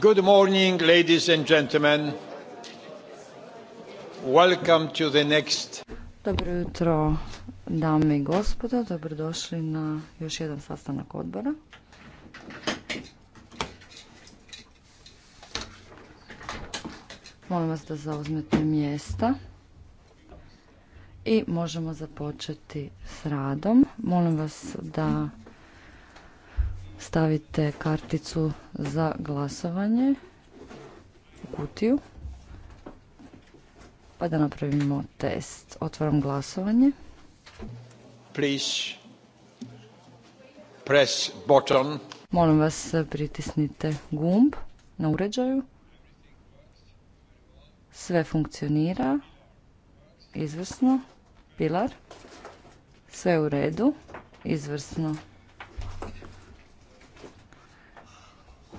Good morning, ladies and gentlemen. Welcome Dobro jutro, dame i gospodo. Dobrodošli na još jedan sastanak odbora. Molim vas da zauzmete mjesta. I možemo započeti s radom. Molim vas da stavite karticu za glasovanje u kutiju. Pa da napravimo test. Otvaram glasovanje. press button. Molim vas pritisnite gumb na uređaju. Sve funkcionira. Izvrsno. Pilar. Sve u redu. Izvrsno.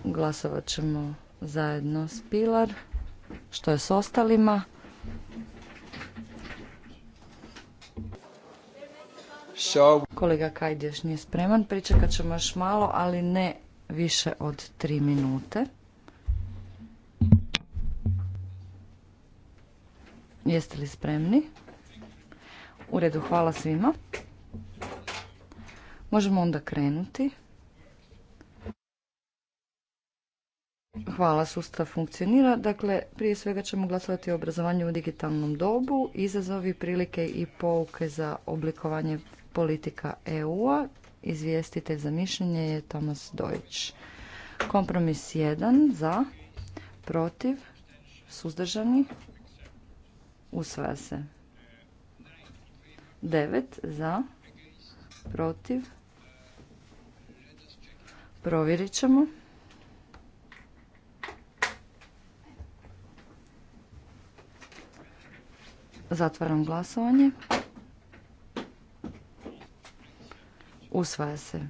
Glasovat ćemo zajedno s Pilar. Što je s ostalima? Kolega još nije spreman, pričekat ćemo još malo, ali ne više od tri minute. Jeste li spremni? U redu, hvala svima. Možemo onda krenuti. Hvala, sustav funkcionira. Dakle, prije svega ćemo glasovati o obrazovanju u digitalnom dobu, izazovi, prilike i pouke za oblikovanje politika EU-a. Izvijestitelj za mišljenje je Tomas Dojić. Kompromis 1 za, protiv, suzdržani, usvaja se. 9 za, protiv, provjerit ćemo. Zatvaram glasovanje. Usvaja se.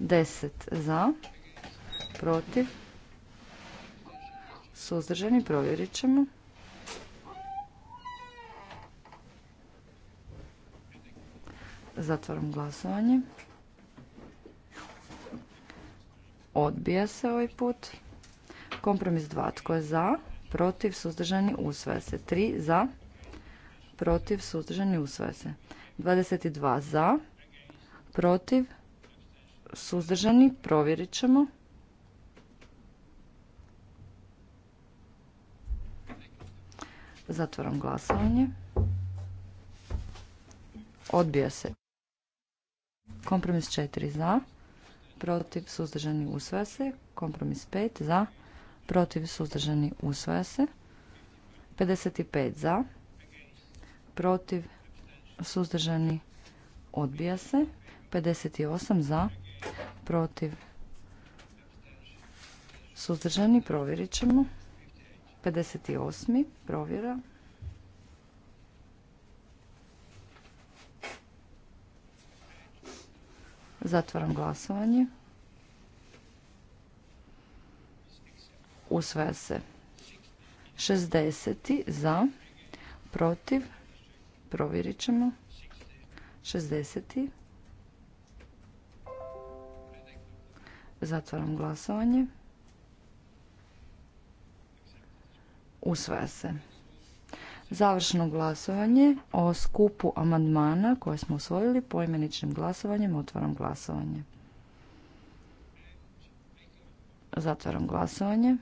10 za, protiv, suzdržani, provjerit ćemo. Zatvaram glasovanje. Odbija se ovaj put. Kompromis 2. Tko je za? protiv, suzdržani, usvaja se. 3 za, protiv, suzdržani, usvaja se. 22 za, protiv, suzdržani, provjerit ćemo. Zatvoram glasovanje. Odbija se. Kompromis 4 za, protiv, suzdržani, usvaja se. Kompromis 5 za, protiv suzdržani usvaja se. 55 za, protiv suzdržani odbija se. 58 za, protiv suzdržani provjerit ćemo. 58. provjera. Zatvaram glasovanje. usvaja se. 60. za, protiv, provjerit ćemo. 60. Zatvaram glasovanje. Usvaja se. Završno glasovanje o skupu amandmana koje smo usvojili poimeničnim glasovanjem otvaram glasovanje. Zatvaram glasovanje.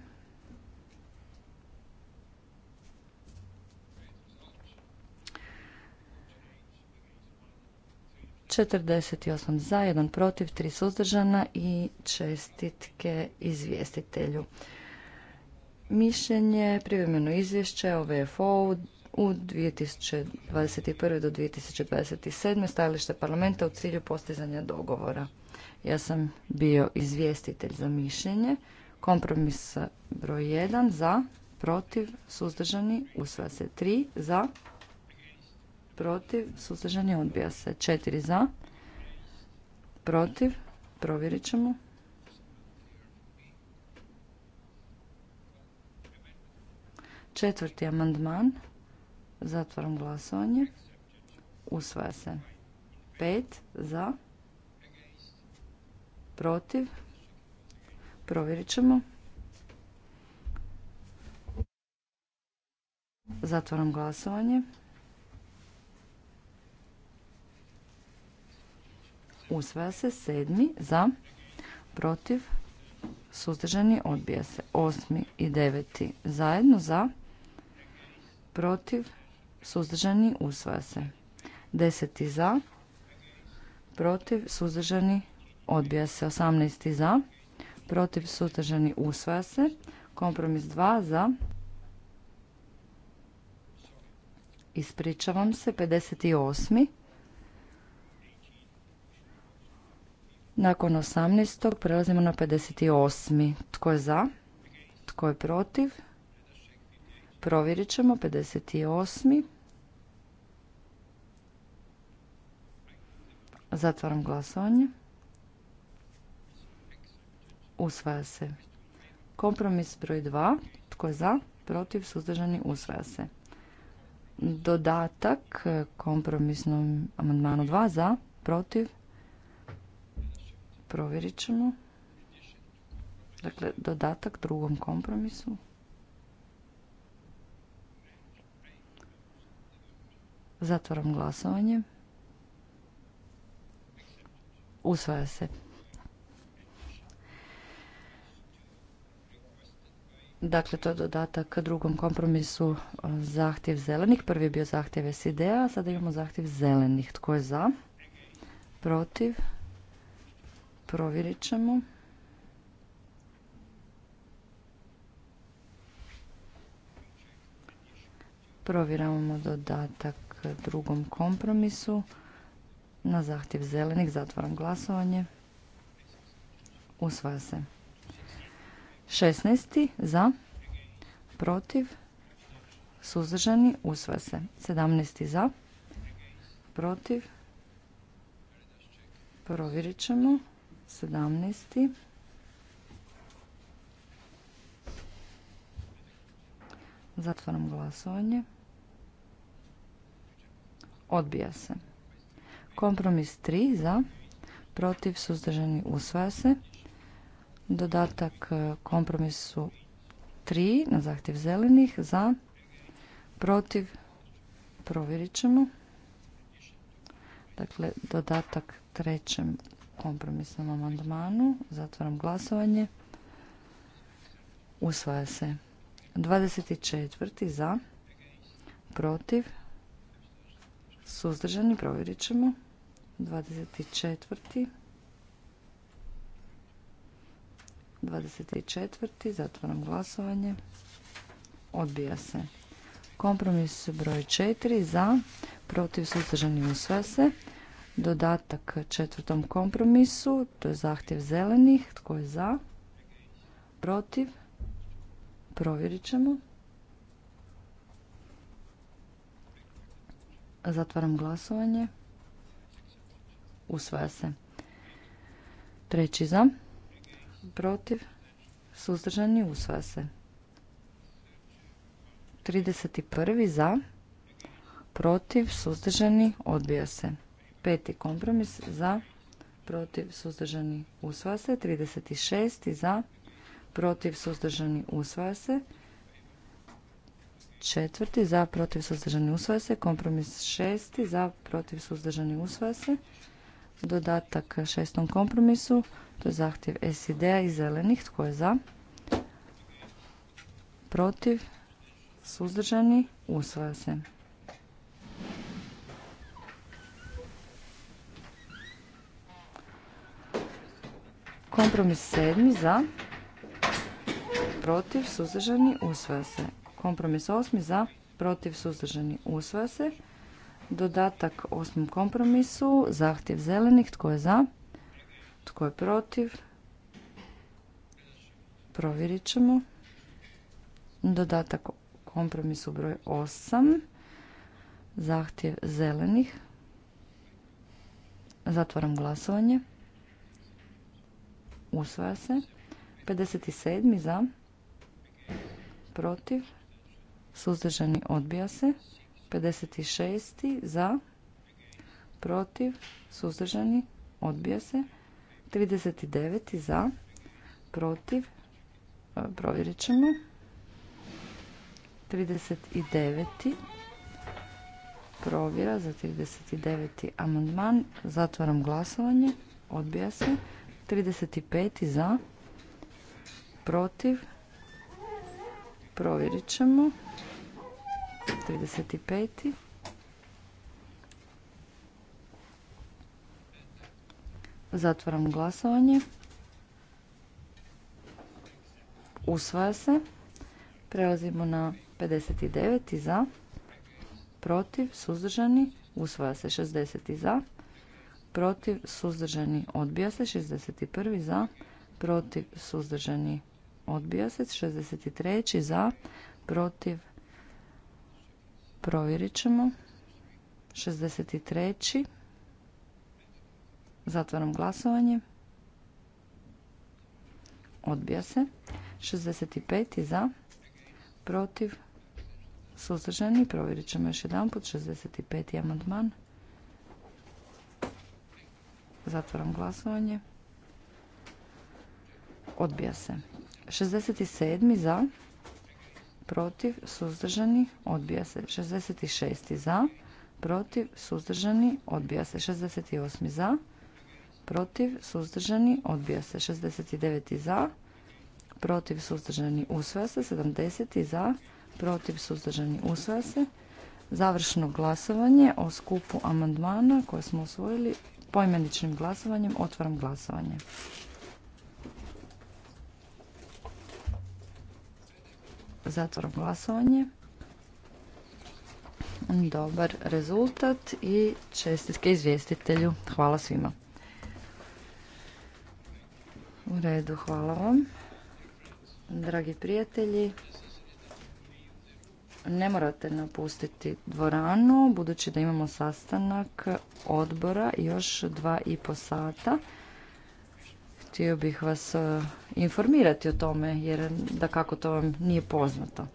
48 za, 1 protiv, 3 suzdržana i čestitke izvjestitelju. Mišljenje, privremeno izvješće o VFO-u 2021. do 2027. stajalište parlamenta u cilju postizanja dogovora. Ja sam bio izvjestitelj za mišljenje. Kompromis broj 1 za, protiv, suzdržani, Usva se 3 za, protiv, suzdržani, odbija se. Četiri za, protiv, provjerit ćemo. Četvrti amandman, zatvaram glasovanje, usvaja se. Pet za, protiv, provjerit ćemo. Zatvaram glasovanje. Usvaja se sedmi za, protiv, suzdržani, odbija se. Osmi i deveti zajedno za, protiv, suzdržani, usvaja se. Deseti za, protiv, suzdržani, odbija se. osamnesti za, protiv, suzdržani, usvaja se. Kompromis 2 za, ispričavam se, 58. Nakon 18. prelazimo na 58. Tko je za? Tko je protiv? Provjerit ćemo 58. Zatvaram glasovanje. Usvaja se. Kompromis broj 2. Tko je za? Protiv? Suzdržani? Usvaja se. Dodatak kompromisnom amandmanu 2. Za? Protiv? Provjerit ćemo. Dakle, dodatak drugom kompromisu. Zatvaram glasovanje. Usvaja se. Dakle, to je dodatak drugom kompromisu e, zahtjev zelenih. Prvi je bio zahtjev SID-a, sada imamo zahtjev zelenih. Tko je za? Protiv? Provjerit ćemo. Provjeravamo dodatak drugom kompromisu. Na zahtjev zelenih zatvaram glasovanje. Usvaja se. 16. za, protiv, suzdržani, usvaja se. 17. za, protiv, provjerit ćemo. 17. Zatvaram glasovanje. Odbija se. Kompromis 3 za, protiv, suzdržani, usvaja se. Dodatak e, kompromisu 3 na zahtjev zelenih za, protiv, provjerit ćemo. Dakle, dodatak trećem kompromisnom amandmanu. Zatvaram glasovanje. Usvaja se. 24. za. Protiv. Suzdržani. Provjerit ćemo. 24. 24. Zatvaram glasovanje. Odbija se. Kompromis broj 4. Za. Protiv. Suzdržani. Usvaja se dodatak četvrtom kompromisu, to je zahtjev zelenih, tko je za, protiv, provjerit ćemo. Zatvaram glasovanje. Usvaja se. Treći za, protiv, suzdržani, usvaja se. 31. za, protiv, suzdržani, odbija se. Peti kompromis za, protiv, suzdržani, usvaja se. 36. za, protiv, suzdržani, usvaja se. Četvrti za, protiv, suzdržani, usvaja se. Kompromis šesti za, protiv, suzdržani, usvaja se. Dodatak šestom kompromisu, to je zahtjev SID-a i zelenih. Tko je za? Protiv, suzdržani, usvaja se. Kompromis sedmi za, protiv, suzdržani, usvaja se. Kompromis osmi za, protiv, suzdržani, usvaja se. Dodatak osmom kompromisu, zahtjev zelenih, tko je za, tko je protiv, provjerit ćemo. Dodatak kompromisu broj osam, zahtjev zelenih, zatvaram glasovanje. Usvaja se. 57. za. Protiv. Suzdržani odbija se. 56. za. Protiv. Suzdržani odbija se. 39. za. Protiv. E, provjerit ćemo. 39. Provjera za 39. amandman. Zatvaram glasovanje. Odbija se. 35. za, protiv, provjerit ćemo. 35. Zatvoram glasovanje. Usvaja se. Prelazimo na 59. za, protiv, suzdržani. Usvaja se 60. za, protiv, suzdržani, odbija se. 61. za, protiv, suzdržani, odbija se. 63. za, protiv, provjerit ćemo. 63. Zatvorom glasovanje. Odbija se. 65. za, protiv, suzdržani. Provjerit ćemo još jedan put. 65. amandman. Zatvaram glasovanje. Odbija se. 67. za. Protiv. Suzdržani. Odbija se. 66. za. Protiv. Suzdržani. Odbija se. 68. za. Protiv. Suzdržani. Odbija se. 69. za. Protiv. Suzdržani. Usvaja se. 70. za. Protiv. Suzdržani. Usvaja se. Završno glasovanje o skupu amandmana koje smo usvojili Poimeničnim glasovanjem otvaram glasovanje. Zatvaram glasovanje. Dobar rezultat i čestitke izvjestitelju. Hvala svima. U redu, hvala vam. Dragi prijatelji, ne morate napustiti dvoranu, budući da imamo sastanak odbora još dva i po sata. Htio bih vas eh, informirati o tome, jer da kako to vam nije poznato.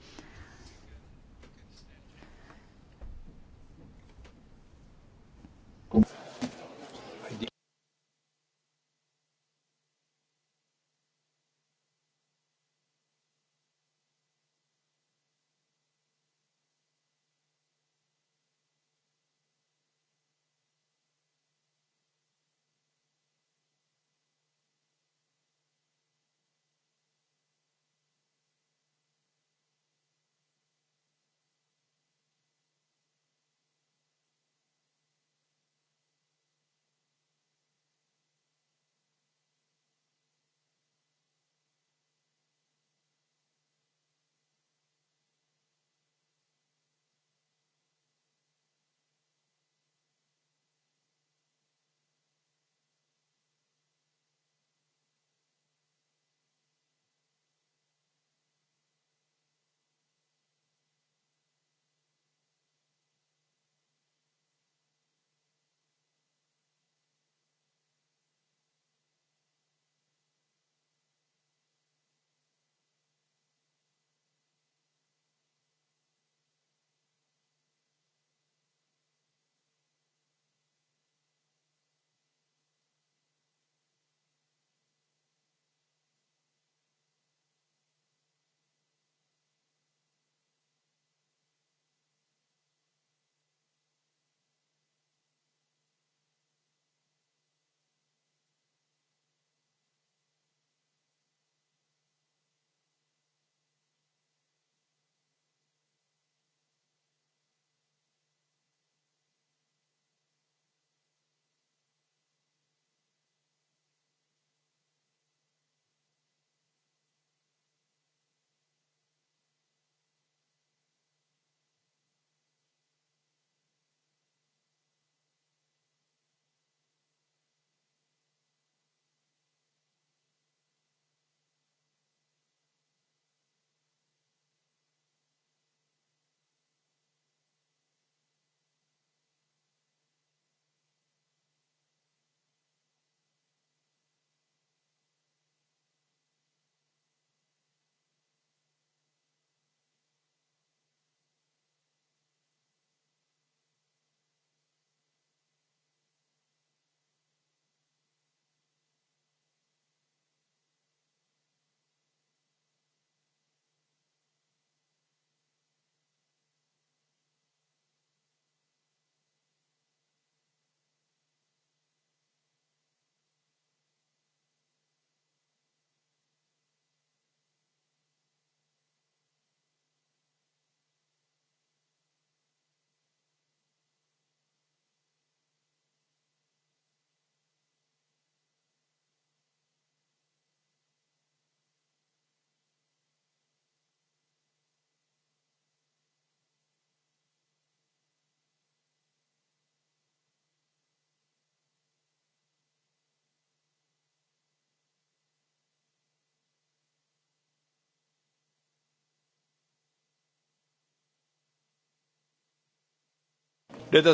Let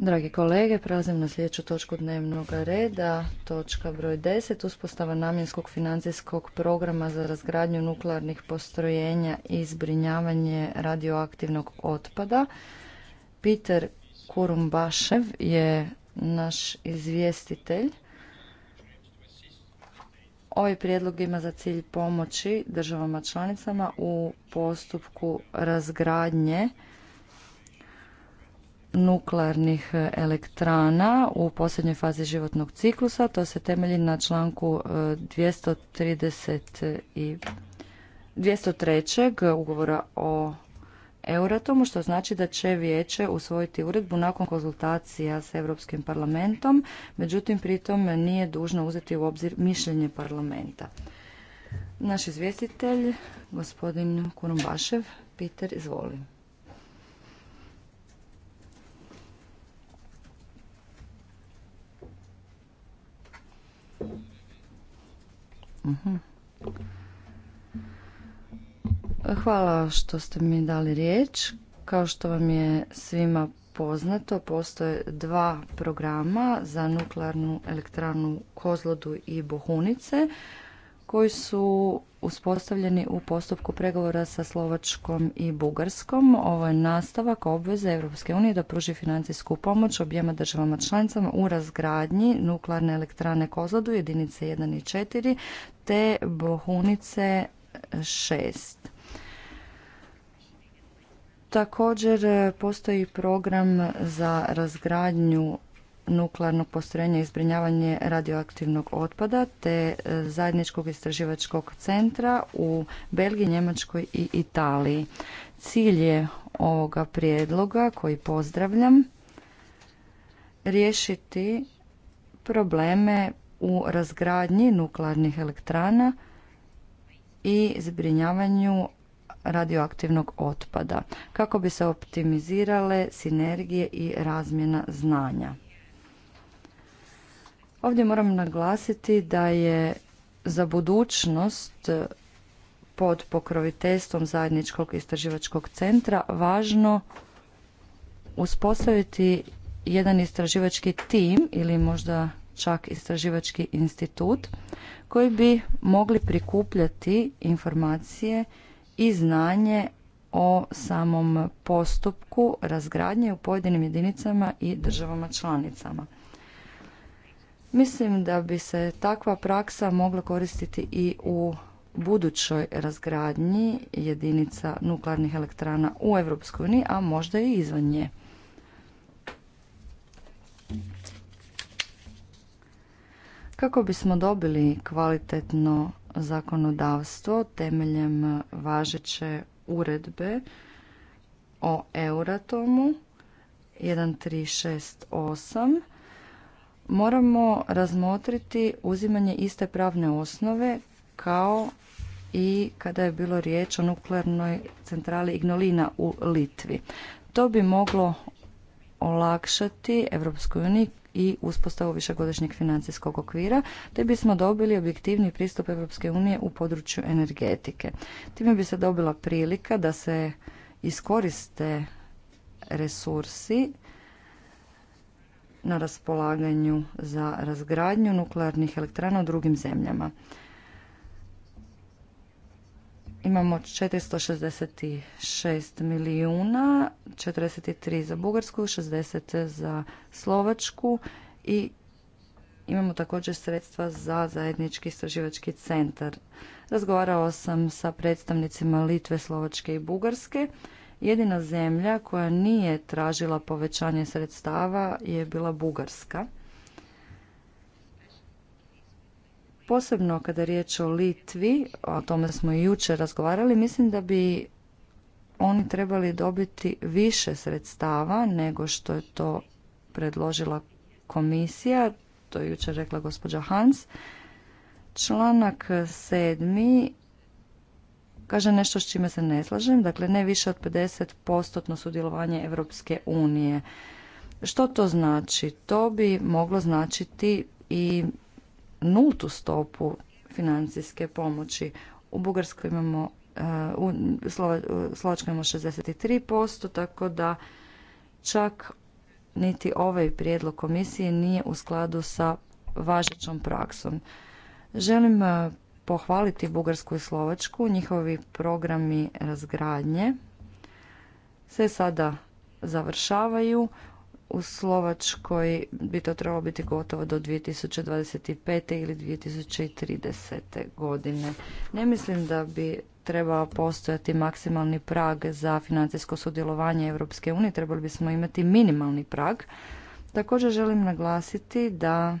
Dragi kolege, prelazim na sljedeću točku dnevnog reda, točka broj 10, uspostava namjenskog financijskog programa za razgradnju nuklearnih postrojenja i zbrinjavanje radioaktivnog otpada. Peter Kurumbašev je naš izvjestitelj. Ovaj prijedlog ima za cilj pomoći državama članicama u postupku razgradnje nuklearnih elektrana u posljednjoj fazi životnog ciklusa. To se temelji na članku 230 e, i 203. ugovora o Euratomu, što znači da će vijeće usvojiti uredbu nakon konzultacija s Europskim parlamentom, međutim pritom nije dužno uzeti u obzir mišljenje parlamenta. Naš izvjestitelj, gospodin Kurumbašev, Peter, izvoli. Mhm. Hvala što ste mi dali riječ. Kao što vam je svima poznato, postoje dva programa za nuklearnu elektranu Kozlodu i Bohunice koji su uspostavljeni u postupku pregovora sa Slovačkom i Bugarskom. Ovo je nastavak obveze Europske unije da pruži financijsku pomoć objema državama članicama u razgradnji nuklearne elektrane Kozlodu jedinice 1 i 4 te Bohunice 6. Također e, postoji program za razgradnju nuklearnog postrojenja i zbrinjavanje radioaktivnog otpada te e, zajedničkog istraživačkog centra u Belgiji, Njemačkoj i Italiji. Cilj je ovoga prijedloga koji pozdravljam riješiti probleme u razgradnji nuklearnih elektrana i zbrinjavanju radioaktivnog otpada kako bi se optimizirale sinergije i razmjena znanja. Ovdje moram naglasiti da je za budućnost pod pokroviteljstvom zajedničkog istraživačkog centra važno uspostaviti jedan istraživački tim ili možda čak istraživački institut koji bi mogli prikupljati informacije i znanje o samom postupku razgradnje u pojedinim jedinicama i državama članicama. Mislim da bi se takva praksa mogla koristiti i u budućoj razgradnji jedinica nuklearnih elektrana u EU, a možda i izvan nje. Kako bismo dobili kvalitetno zakonodavstvo temeljem važeće uredbe o Euratomu 1368 moramo razmotriti uzimanje iste pravne osnove kao i kada je bilo riječ o nuklearnoj centrali Ignolina u Litvi. To bi moglo olakšati Europskoj uniji i uspostavu višegodišnjeg financijskog okvira, te bismo dobili objektivni pristup Europske unije u području energetike. Time bi se dobila prilika da se iskoriste resursi na raspolaganju za razgradnju nuklearnih elektrana u drugim zemljama imamo 466 milijuna, 43 za Bugarsku, 60 za Slovačku i imamo također sredstva za zajednički istraživački centar. Razgovarao sam sa predstavnicima Litve, Slovačke i Bugarske. Jedina zemlja koja nije tražila povećanje sredstava je bila Bugarska. Posebno kada je riječ o Litvi, o tome smo i jučer razgovarali, mislim da bi oni trebali dobiti više sredstava nego što je to predložila komisija, to je jučer rekla gospođa Hans. Članak sedmi kaže nešto s čime se ne slažem, dakle ne više od 50% sudjelovanje Europske unije. Što to znači? To bi moglo značiti i nultu stopu financijske pomoći. U Bugarskoj imamo, uh, u Slovačkoj imamo 63%, tako da čak niti ovaj prijedlog komisije nije u skladu sa važećom praksom. Želim uh, pohvaliti Bugarsku i Slovačku, njihovi programi razgradnje se sada završavaju u Slovačkoj bi to trebalo biti gotovo do 2025. ili 2030. godine. Ne mislim da bi trebao postojati maksimalni prag za financijsko sudjelovanje Europske unije, trebali bismo imati minimalni prag. Također želim naglasiti da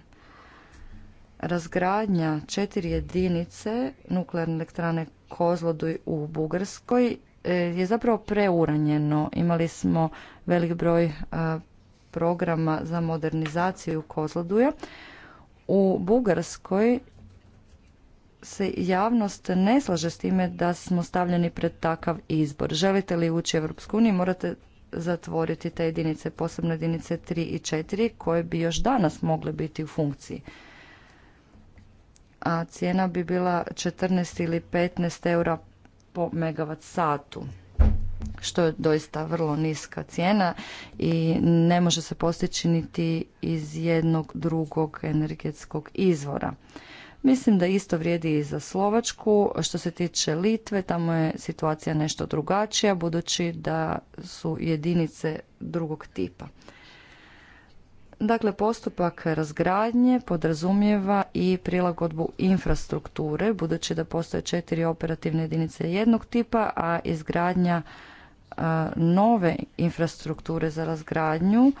razgradnja četiri jedinice nuklearne elektrane Kozloduj u Bugarskoj eh, je zapravo preuranjeno. Imali smo velik broj eh, programa za modernizaciju Kozloduja. U Bugarskoj se javnost ne slaže s time da smo stavljeni pred takav izbor. Želite li ući u uniju, morate zatvoriti te jedinice, posebno jedinice 3 i 4, koje bi još danas mogle biti u funkciji. A cijena bi bila 14 ili 15 eura po megavat satu što je doista vrlo niska cijena i ne može se postići niti iz jednog drugog energetskog izvora. Mislim da isto vrijedi i za Slovačku. Što se tiče Litve, tamo je situacija nešto drugačija, budući da su jedinice drugog tipa. Dakle, postupak razgradnje podrazumijeva i prilagodbu infrastrukture, budući da postoje četiri operativne jedinice jednog tipa, a izgradnja nove infrastrukture za razgradnju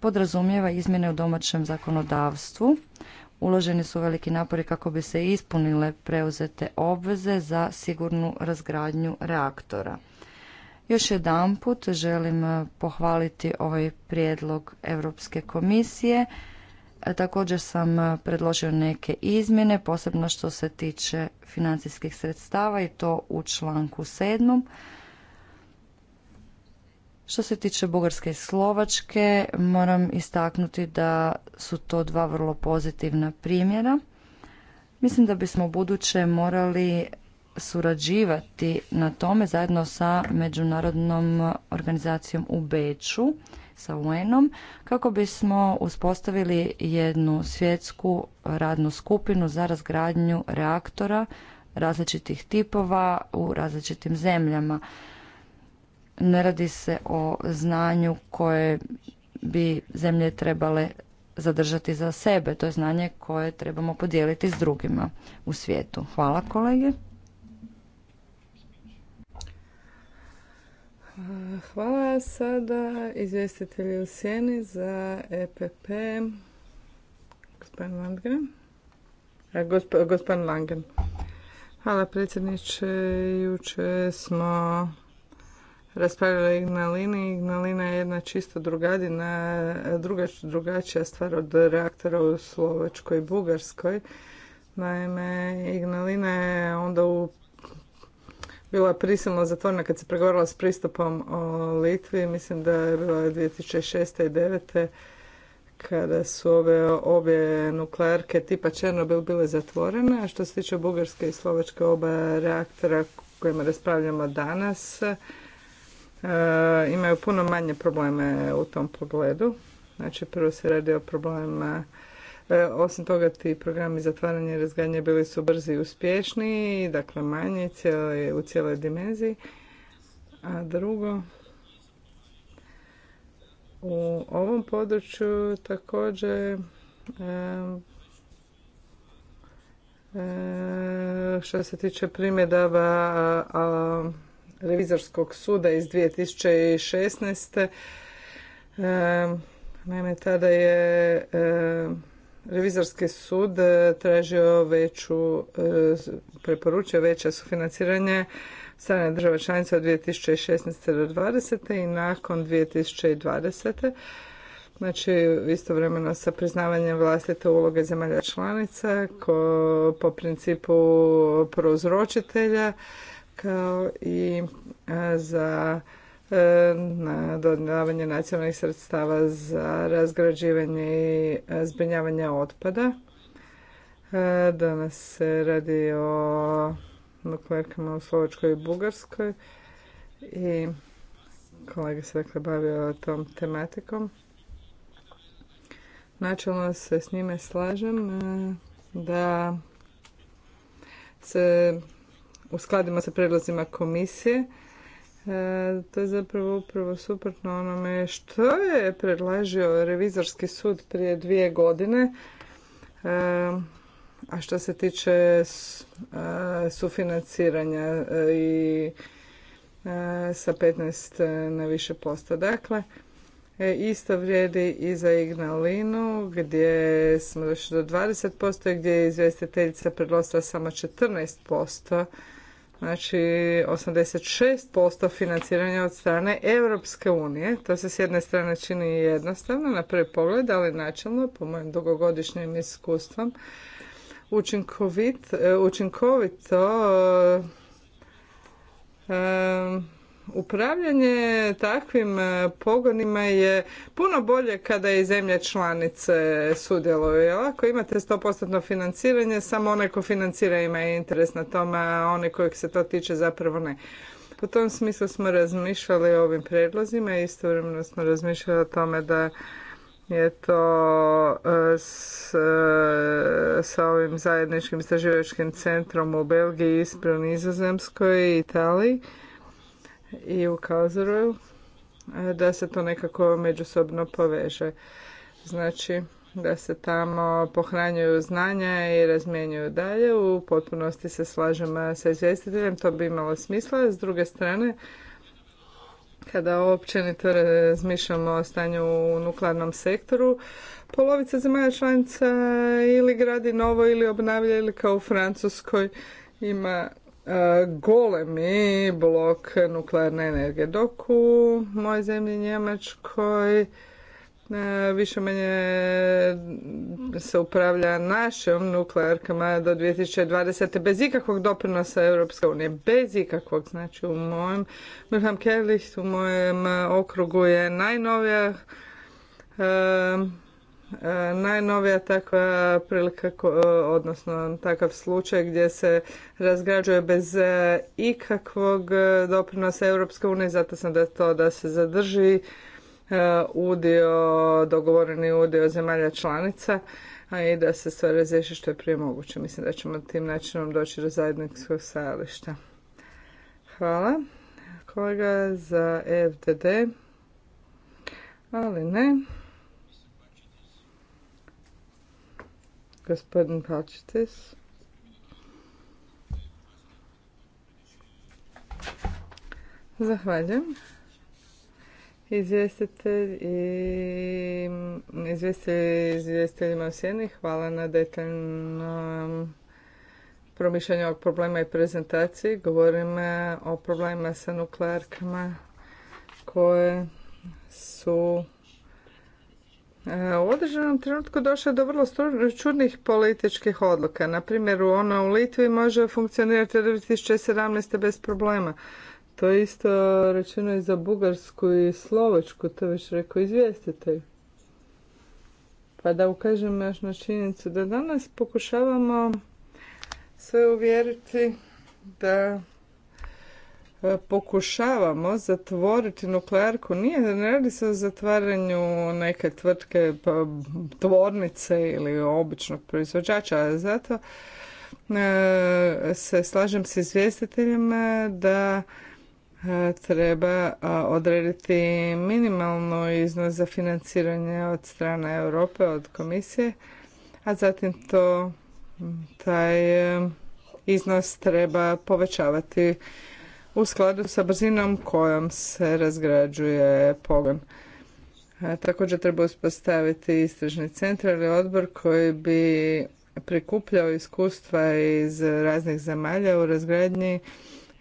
podrazumijeva izmjene u domaćem zakonodavstvu. Uloženi su veliki napori kako bi se ispunile preuzete obveze za sigurnu razgradnju reaktora. Još jedanput želim e, pohvaliti ovaj prijedlog Europske komisije. E, također sam e, predložio neke izmjene, posebno što se tiče financijskih sredstava i to u članku 7. Što se tiče Bugarske i Slovačke, moram istaknuti da su to dva vrlo pozitivna primjera. Mislim da bismo buduće morali surađivati na tome zajedno sa međunarodnom organizacijom u Beču sa UN-om kako bismo uspostavili jednu svjetsku radnu skupinu za razgradnju reaktora različitih tipova u različitim zemljama. Ne radi se o znanju koje bi zemlje trebale zadržati za sebe. To je znanje koje trebamo podijeliti s drugima u svijetu. Hvala kolege. Hvala sada izvjestitelji u sjeni za EPP. Gospodin Landgren. E, gospodin Langen. Hvala predsjedniče. Juče smo raspravljali Ignalini. Ignalina je jedna čisto drugadina, drugačija stvar od reaktora u Slovačkoj i Bugarskoj. Naime, Ignalina je onda u bila prisilno zatvorena kad se pregovarala s pristupom o Litvi. Mislim da je bila 2006. i 2009. kada su ove obje nuklearke tipa Černobil bile zatvorene. A što se tiče Bugarske i Slovačke oba reaktora kojima raspravljamo danas, e, imaju puno manje probleme u tom pogledu. Znači prvo se radi o problemima E, osim toga, ti programi zatvaranja i razgradnje bili su brzi i uspješni, dakle manje u cijeloj dimenziji. A drugo, u ovom području također e, e, što se tiče primjedaba revizorskog suda iz 2016. Naime, tada je Revizorski sud e, tražio veću, e, preporučio veće sufinanciranje strane države članica od 2016. do 2020. i nakon 2020. Znači, istovremeno sa priznavanjem vlastite uloge zemalja članica po principu prouzročitelja kao i e, za E, na dodavanje nacionalnih sredstava za razgrađivanje i e, zbrinjavanje otpada. E, danas se radi o nuklearkama u Slovačkoj i Bugarskoj i kolega se dakle bavio tom tematikom. Načelno se s njime slažem da se uskladimo sa predlozima komisije E, to je zapravo upravo suprotno onome što je predlažio revizorski sud prije dvije godine. E, a što se tiče e, sufinanciranja i sa 15 na više posto. Dakle, isto vrijedi i za Ignalinu gdje smo došli do 20% i gdje je izvjestiteljica predlostila samo 14% znači 86% financiranja od strane Europske unije. To se s jedne strane čini jednostavno na prvi pogled, ali načelno, po mojim dugogodišnjim iskustvom, učinkovit, učinkovito eh, eh, upravljanje takvim e, pogonima je puno bolje kada i zemlje članice sudjeluju. ako imate 100% financiranje, samo onaj ko financira ima interes na tome, a onaj kojeg se to tiče zapravo ne. U tom smislu smo razmišljali o ovim predlozima i istovremeno smo razmišljali o tome da je to e, s, e, sa ovim zajedničkim istraživačkim centrom u Belgiji, Ispru, Nizozemskoj i Italiji i u e, da se to nekako međusobno poveže. Znači da se tamo pohranjuju znanja i razmjenjuju dalje. U potpunosti se slažem e, sa izvjestiteljem, to bi imalo smisla. S druge strane, kada općenito razmišljamo o stanju u nuklearnom sektoru, polovica zemalja članica ili gradi novo ili obnavlja ili kao u Francuskoj ima E, golemi blok nuklearne energije, dok u mojoj zemlji Njemačkoj e, više manje se upravlja našom nuklearkama do 2020. bez ikakvog doprinosa Europske unije, bez ikakvog, znači u mojem Milham Kerlicht, u mojem okrugu je najnovija e, E, najnovija takva prilika, e, odnosno takav slučaj gdje se razgrađuje bez e, ikakvog doprinosa Europske unije, zato sam da to da se zadrži udio, dogovoreni udio zemalja članica a i da se sve razriješi što je prije moguće. Mislim da ćemo tim načinom doći do zajedničkog stajališta. Hvala kolega za FDD, ali ne. Gospodin Pačitis. Zahvaljujem. Izvjestitelj i izvjestiteljima u sjeni. Hvala na detaljnom promišljanju ovog problema i prezentaciji. Govorim e, o problemima sa nuklearkama koje su u određenom trenutku došlo do vrlo čudnih političkih odluka. Na primjer, ona u Litvi može funkcionirati od 2017. bez problema. To je isto rečeno i za Bugarsku i Slovačku, to već rekao izvjestitelj. Pa da ukažem još na činjenicu da danas pokušavamo sve uvjeriti da E, pokušavamo zatvoriti nuklearku. Nije, ne radi se o zatvaranju neke tvrtke, pa, tvornice ili običnog proizvođača. Zato e, se slažem s izvjestiteljima e, da treba odrediti minimalno iznos za financiranje od strane Europe, od komisije, a zatim to taj iznos treba povećavati u skladu sa brzinom kojom se razgrađuje pogon. E, također treba uspostaviti istražni centar ili odbor koji bi prikupljao iskustva iz raznih zemalja u razgradnji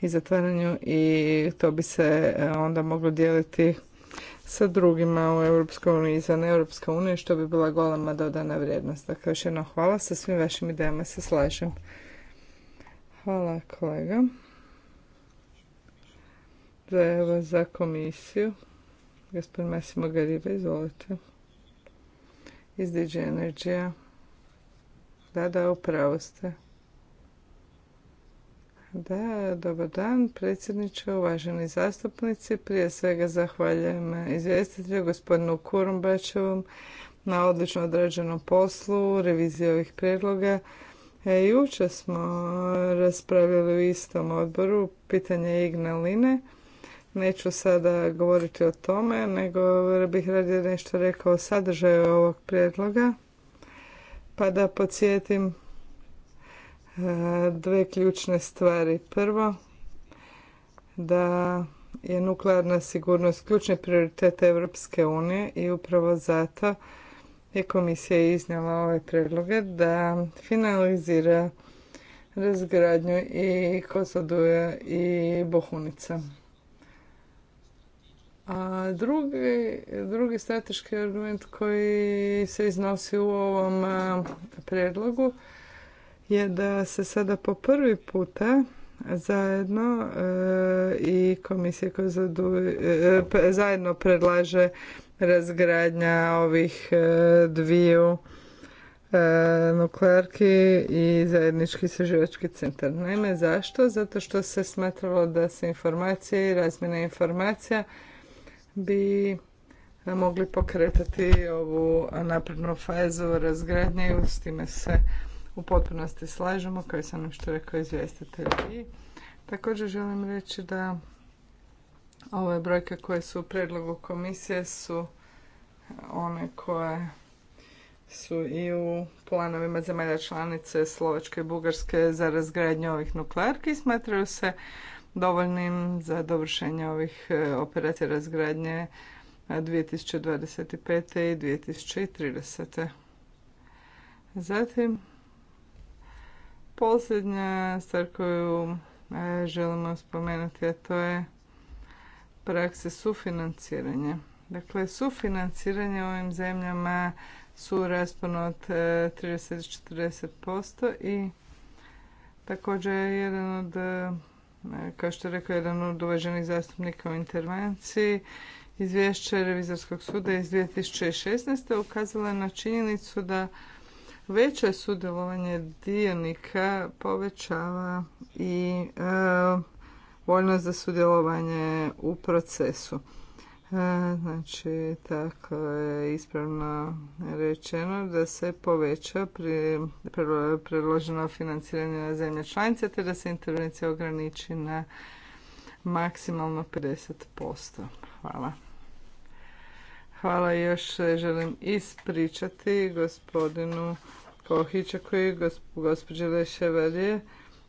i zatvaranju i to bi se e, onda moglo dijeliti sa drugima u EU i izvan EU što bi bila golema dodana vrijednost. Dakle, još jednom hvala sa svim vašim idejama se slažem. Hvala kolega da za komisiju. Gospodin Massimo Gariba, izvolite. Iz DG Energy-a. Da, da, upravo ste. Da, dobar dan, predsjedniče, uvaženi zastupnici. Prije svega zahvaljujem izvjestitelju gospodinu Kurumbačevom na odlično odrađenom poslu, reviziji ovih prijedloga. I e, jučer smo raspravljali u istom odboru pitanje Ignaline. Neću sada govoriti o tome, nego bih radije nešto rekao o sadržaju ovog prijedloga. Pa da podsjetim e, dve ključne stvari. Prvo, da je nuklearna sigurnost ključni prioritet Europske unije i upravo zato je komisija iznijela ove predloge da finalizira razgradnju i kosoduja i Bohunica. A drugi, drugi strateški argument koji se iznosi u ovom predlogu je da se sada po prvi puta zajedno e, i komisija koja e, e, zajedno predlaže razgradnja ovih dviju nuklearki i zajednički istraživački centar. Naime, zašto? Zato što se smatralo da se informacije i razmjena informacija bi mogli pokretati ovu naprednu fazu razgradnje i s time se u potpunosti slažemo, kao i sa što rekao izvjestitelj. I također želim reći da ove brojke koje su u predlogu komisije su one koje su i u planovima zemalja članice Slovačke i Bugarske za razgradnju ovih nuklearki i smatraju se dovoljnim za dovršenje ovih e, operacija razgradnje 2025. E, i 2030. Zatim, posljednja stvar koju e, želimo spomenuti, a to je prakse sufinanciranja. Dakle, sufinanciranje u ovim zemljama su raspon od 30-40% i također je jedan od kao što je rekao jedan od uvaženih zastupnika u intervenciji, izvješće Revizorskog suda iz 2016. ukazalo je na činjenicu da veće sudjelovanje dionika povećava i e, voljnost za sudjelovanje u procesu. E, znači, tako je ispravno rečeno da se poveća predloženo financiranje na zemlje članice te da se intervencija ograniči na maksimalno 50%. Hvala. Hvala još želim ispričati gospodinu Kohićaku i gospođe Leševarije.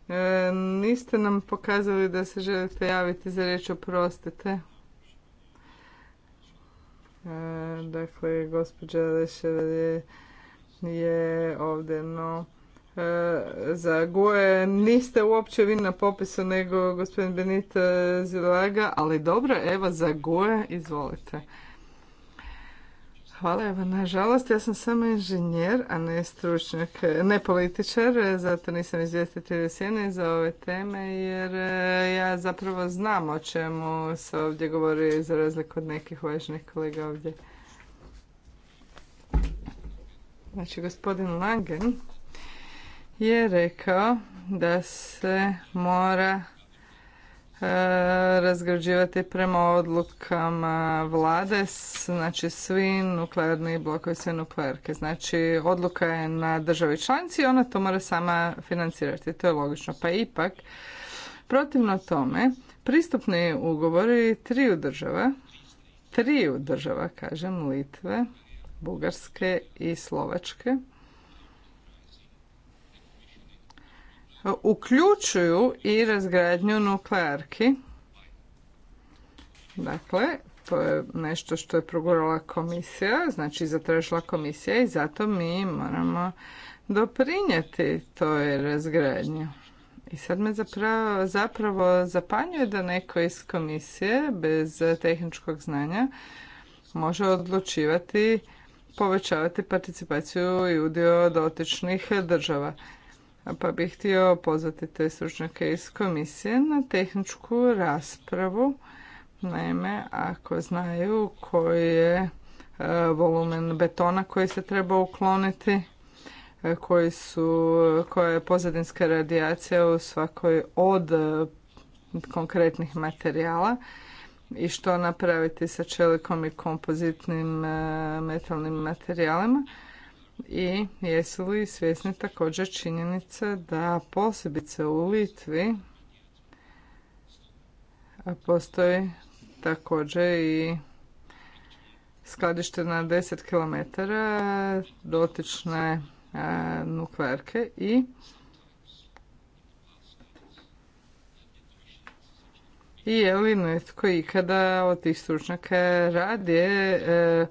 E, niste nam pokazali da se želite javiti za riječ, oprostite. E, dakle, gospođa Lešever je ovdje, no e, za Gue niste uopće vi na popisu nego gospodin Benita Zilaga, ali dobro, evo za Gue, izvolite. Hvala, evo, nažalost, ja sam samo inženjer, a ne stručnjak, ne političar, zato nisam izvjestitelj sjene za ove teme, jer e, ja zapravo znam o čemu se ovdje govori, za razliku od nekih važnih kolega ovdje. Znači, gospodin Langen je rekao da se mora E, razgrađivati prema odlukama vlade, znači svi nuklearni blokovi, sve nuklearke. Znači odluka je na državi članici i ona to mora sama financirati. To je logično. Pa ipak, protivno tome, pristupni ugovori triju država, triju država, kažem, Litve, Bugarske i Slovačke, uključuju i razgradnju nuklearki. Dakle, to je nešto što je progurala komisija, znači zatražila komisija i zato mi moramo doprinijeti toj razgradnju. I sad me zapravo, zapravo zapanjuje da neko iz komisije bez tehničkog znanja može odlučivati povećavati participaciju i udio dotičnih država pa bih htio pozvati te stručnjake iz komisije na tehničku raspravu. Naime, ako znaju koji je e, volumen betona koji se treba ukloniti, e, koji su, koja je pozadinska radijacija u svakoj od e, konkretnih materijala i što napraviti sa čelikom i kompozitnim metalnim materijalima i jesu li svjesni također činjenice da posebice u Litvi postoji također i skladište na 10 km dotične nuklearke i i je li netko ikada od tih stručnjaka radije je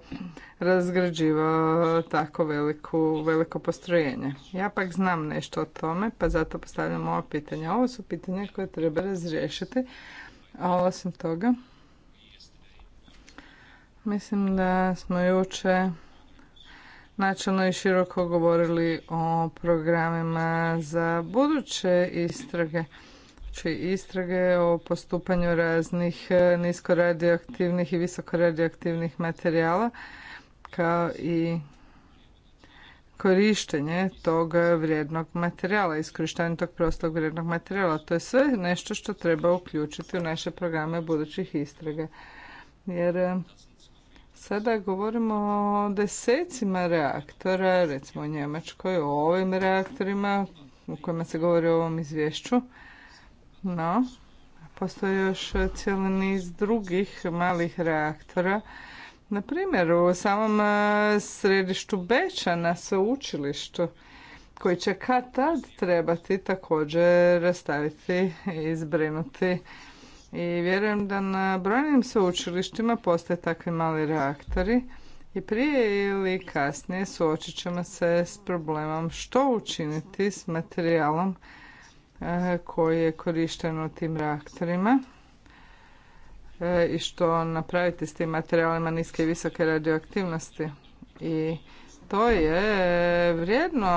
razgrađivao tako veliko postrojenje. Ja pak znam nešto o tome, pa zato postavljam ova pitanja. Ovo su pitanja koje treba razriješiti, a osim toga, mislim da smo juče načelno i široko govorili o programima za buduće istrage znači istrage o postupanju raznih e, niskoradioaktivnih i visokoradioaktivnih materijala kao i korištenje tog vrijednog materijala, iskorištavanje tog prostog vrijednog materijala. To je sve nešto što treba uključiti u naše programe budućih istraga. Jer e, sada govorimo o desecima reaktora, recimo u Njemačkoj, o ovim reaktorima u kojima se govori o ovom izvješću. No, postoji još cijeli niz drugih malih reaktora. Na primjer, u samom e, središtu Beča na sveučilištu koji će kad tad trebati također rastaviti i izbrinuti. I vjerujem da na brojnim sveučilištima postoje takvi mali reaktori i prije ili kasnije suočit ćemo se s problemom što učiniti s materijalom Eh, koji je korišten u tim reaktorima eh, i što napraviti s tim materijalima niske i visoke radioaktivnosti. I to je vrijedno,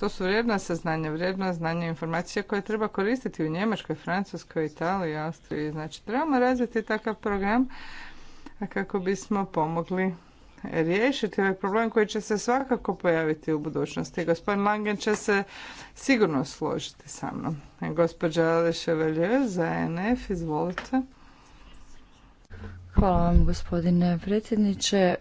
to su vrijedna saznanja, znanja i informacija koje treba koristiti u Njemačkoj, Francuskoj, Italiji, Austriji. Znači trebamo razviti takav program kako bismo pomogli riješiti ovaj problem koji će se svakako pojaviti u budućnosti. Gospodin Langen će se sigurno složiti sa mnom. Gospođa za NF, izvolite. Hvala vam gospodine predsjedniče.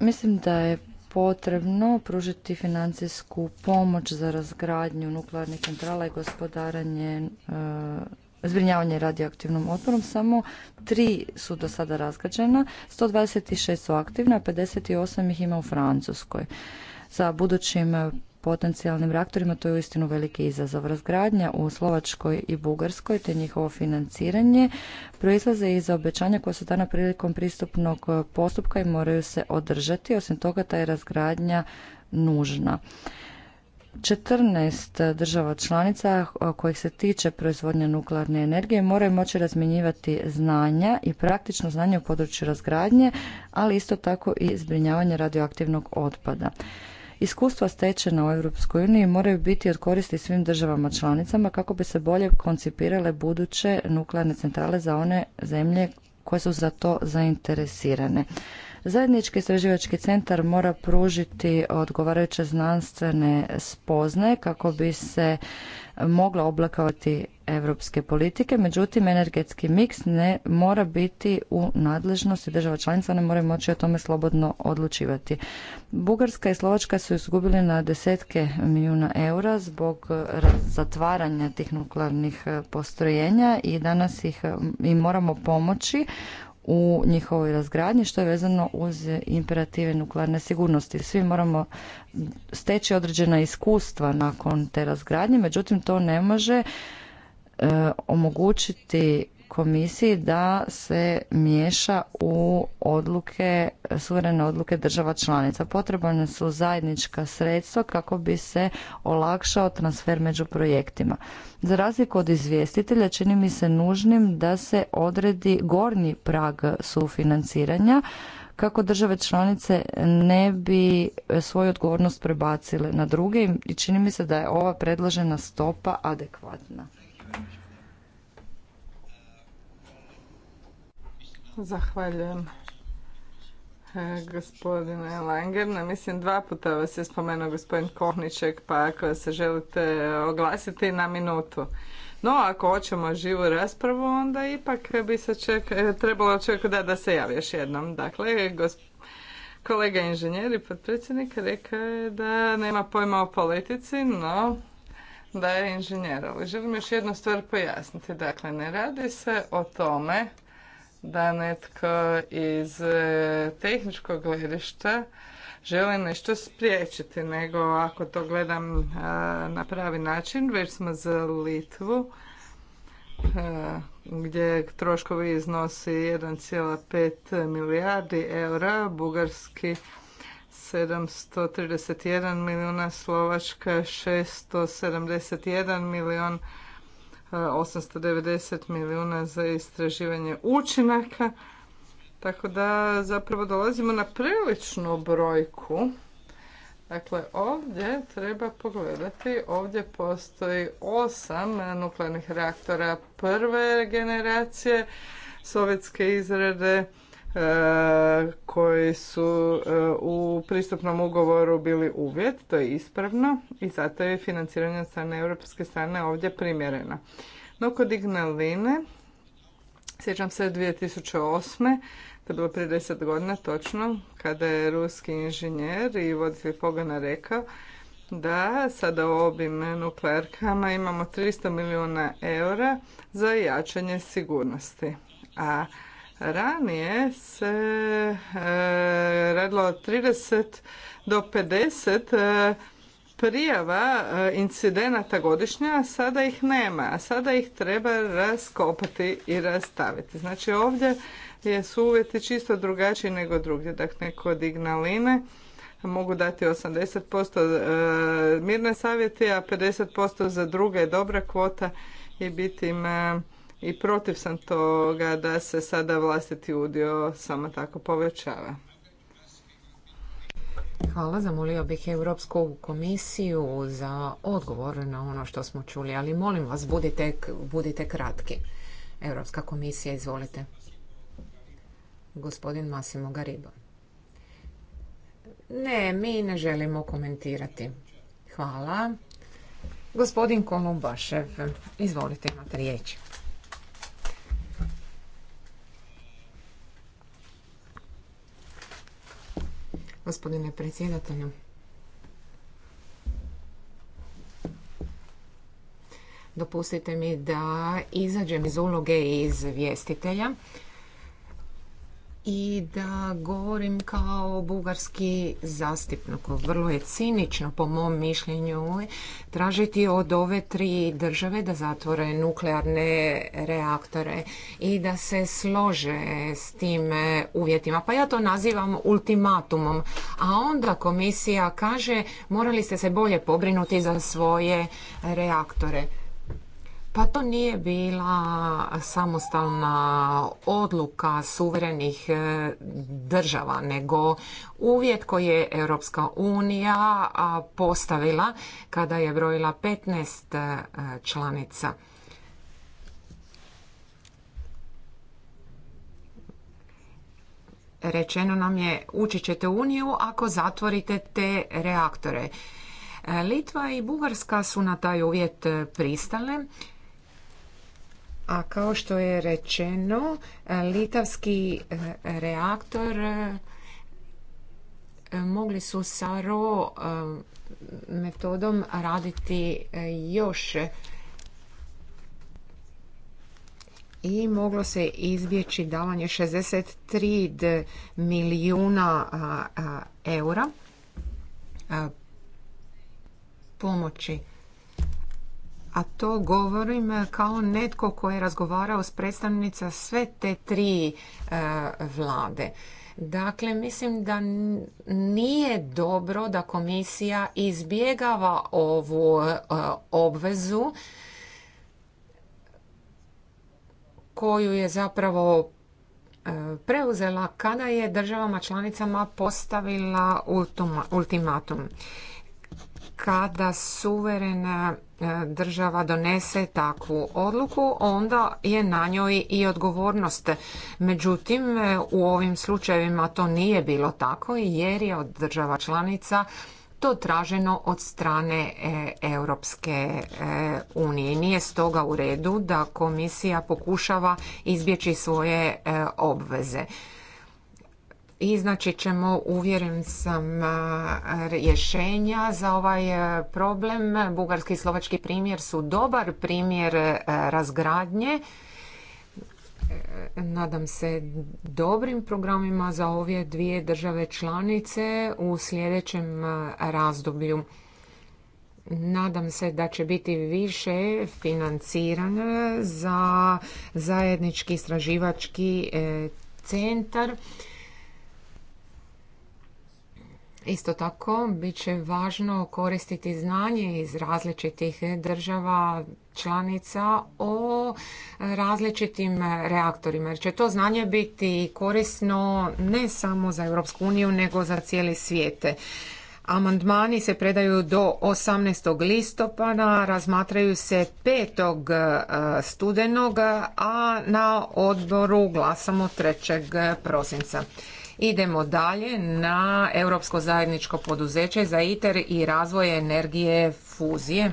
Mislim da je potrebno pružiti financijsku pomoć za razgradnju nuklearnih centrala i gospodaranje e, zbrinjavanje radioaktivnom otporom. Samo tri su do sada razgrađena, 126 su aktivna, 58 ih ima u Francuskoj. Sa budućim potencijalnim reaktorima to je uistinu veliki izazov. Razgradnja u Slovačkoj i Bugarskoj te njihovo financiranje proizlaze iz obećanja koja su dana prilikom pristupnog postupka i moraju se održati. Osim toga, ta je razgradnja nužna. 14 država članica kojih se tiče proizvodnje nuklearne energije moraju moći razmjenjivati znanja i praktično znanje u području razgradnje, ali isto tako i zbrinjavanje radioaktivnog otpada. Iskustva stečena u EU moraju biti od koristi svim državama članicama kako bi se bolje koncipirale buduće nuklearne centrale za one zemlje koje su za to zainteresirane. Zajednički istraživački centar mora pružiti odgovarajuće znanstvene spoznaje kako bi se mogla oblakovati europske politike, međutim energetski miks ne mora biti u nadležnosti država članica, ne moraju moći o tome slobodno odlučivati. Bugarska i Slovačka su izgubili na desetke milijuna eura zbog zatvaranja tih nuklearnih postrojenja i danas ih i moramo pomoći u njihovoj razgradnji što je vezano uz imperative nuklearne sigurnosti. Svi moramo steći određena iskustva nakon te razgradnje, međutim to ne može e, omogućiti komisiji da se miješa u odluke, suverene odluke država članica. Potrebne su zajednička sredstva kako bi se olakšao transfer među projektima. Za razliku od izvjestitelja čini mi se nužnim da se odredi gornji prag sufinanciranja kako države članice ne bi svoju odgovornost prebacile na druge i čini mi se da je ova predložena stopa adekvatna. Zahvaljujem e, gospodine Langer. Mislim, dva puta vas je spomenuo gospodin Kohniček, pa ako se želite oglasiti na minutu. No, ako hoćemo živu raspravu, onda ipak bi se ček... E, trebalo očekati da, da se javi još jednom. Dakle, kolega inženjer i potpredsjednik rekao je da nema pojma o politici, no da je inženjer. Ali želim još jednu stvar pojasniti. Dakle, ne radi se o tome da netko iz e, tehničkog gledišta želi nešto spriječiti, nego ako to gledam e, na pravi način, već smo za Litvu e, gdje troškovi iznosi 1,5 milijardi eura, bugarski 731 milijuna, slovačka 671 milijun 890 milijuna za istraživanje učinaka. Tako da zapravo dolazimo na priličnu brojku. Dakle, ovdje treba pogledati, ovdje postoji osam nuklearnih reaktora prve generacije sovjetske izrade, E, koji su e, u pristupnom ugovoru bili uvjet, to je ispravno i zato je financiranje strane europske strane ovdje primjereno. No kod Ignaline, sjećam se 2008. To je bilo prije deset godina točno, kada je ruski inženjer i voditelj pogona rekao da sada u ovim nuklearkama imamo 300 milijuna eura za jačanje sigurnosti. A Ranije se eh, radilo od 30 do 50 eh, prijava eh, incidenata godišnja, a sada ih nema, a sada ih treba raskopati i rastaviti. Znači ovdje su uvjeti čisto drugačiji nego drugdje. Dakle, kod ignaline mogu dati 80% mirne savjeti, a 50% za druge dobra kvota i biti im i protiv sam toga da se sada vlastiti udio samo tako povećava. Hvala, zamolio bih Europsku komisiju za odgovor na ono što smo čuli, ali molim vas, budite, budite kratki. Europska komisija, izvolite. Gospodin Massimo Gariba. Ne, mi ne želimo komentirati. Hvala. Gospodin Kolumbašev, izvolite, imate riječ. gospodine predsjedatelju. Dopustite mi da izađem iz uloge izvjestitelja i da govorim kao bugarski zastupnik. Vrlo je cinično, po mom mišljenju, tražiti od ove tri države da zatvore nuklearne reaktore i da se slože s tim e, uvjetima. Pa ja to nazivam ultimatumom. A onda komisija kaže morali ste se bolje pobrinuti za svoje reaktore. Pa to nije bila samostalna odluka suverenih e, država, nego uvjet koji je Europska unija postavila kada je brojila 15 e, članica. Rečeno nam je ući ćete uniju ako zatvorite te reaktore. E, Litva i Bugarska su na taj uvjet pristale a kao što je rečeno, litavski e, reaktor e, mogli su sa RO e, metodom raditi još i moglo se izbjeći davanje 63 milijuna eura pomoći a to govorim e, kao netko ko je razgovarao s predstavnica sve te tri e, vlade. Dakle, mislim da nije dobro da komisija izbjegava ovu e, obvezu koju je zapravo preuzela kada je državama članicama postavila ultimatum. Kada suverena E, država donese takvu odluku, onda je na njoj i odgovornost. Međutim, e, u ovim slučajevima to nije bilo tako jer je od država članica to traženo od strane e, Europske unije. Nije stoga u redu da komisija pokušava izbjeći svoje obveze iznaći ćemo, uvjeren sam, rješenja za ovaj e, problem. Bugarski i slovački primjer su dobar primjer e, razgradnje. E, nadam se dobrim programima za ove dvije države članice u sljedećem razdoblju. Nadam se da će biti više financiran za zajednički istraživački centar Isto tako, bit će važno koristiti znanje iz različitih država članica o različitim reaktorima, jer će to znanje biti korisno ne samo za Europsku uniju, nego za cijeli svijet. Amandmani se predaju do 18. listopada, razmatraju se 5. E, studenog, a na odboru glasamo 3. prosinca. Idemo dalje na Europsko zajedničko poduzeće za ITER i razvoj energije fuzije.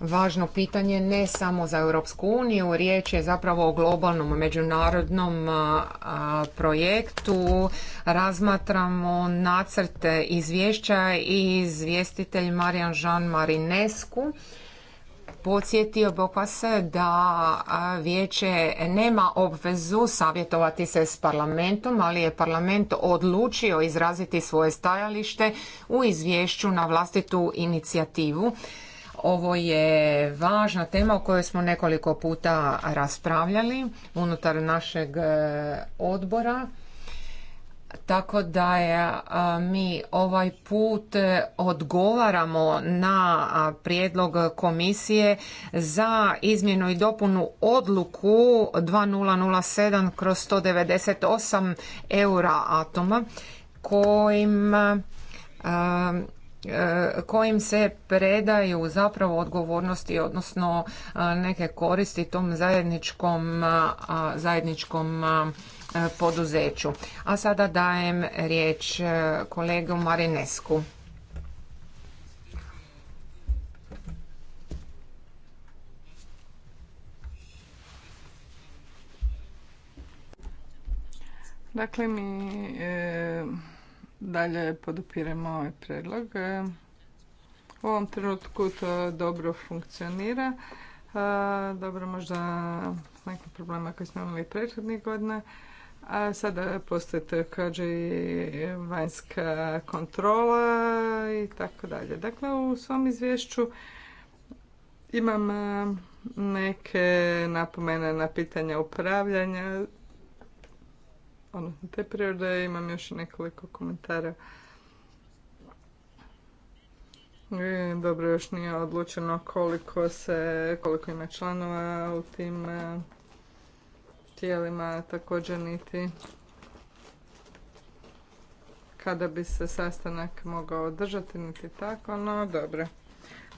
Važno pitanje ne samo za Europsku uniju, riječ je zapravo o globalnom međunarodnom projektu. Razmatramo nacrte izvješća i izvjestitelj Marijan Žan Marinescu podsjetio bih vas da vijeće nema obvezu savjetovati se s parlamentom, ali je parlament odlučio izraziti svoje stajalište u izvješću na vlastitu inicijativu. Ovo je važna tema o kojoj smo nekoliko puta raspravljali unutar našeg e, odbora tako da je mi ovaj put e, odgovaramo na prijedlog komisije za izmjenu i dopunu odluku 2007 kroz 198 eura atoma kojim e, kojim se predaju zapravo odgovornosti odnosno neke koristi tom zajedničkom zajedničkom E, poduzeću. A sada dajem riječ e, kolegu Marinesku. Dakle, mi e, dalje podupiremo ovaj predlog. U ovom trenutku to dobro funkcionira. dobro, možda neke problema koje smo imali prethodnih godina. A sada postoje također i vanjska kontrola i tako dalje. Dakle, u svom izvješću imam e, neke napomene na pitanja upravljanja, odnosno te prirode, imam još nekoliko komentara. E, dobro, još nije odlučeno koliko se, koliko ima članova u tim e, tijelima također niti kada bi se sastanak mogao održati niti tako, no dobro.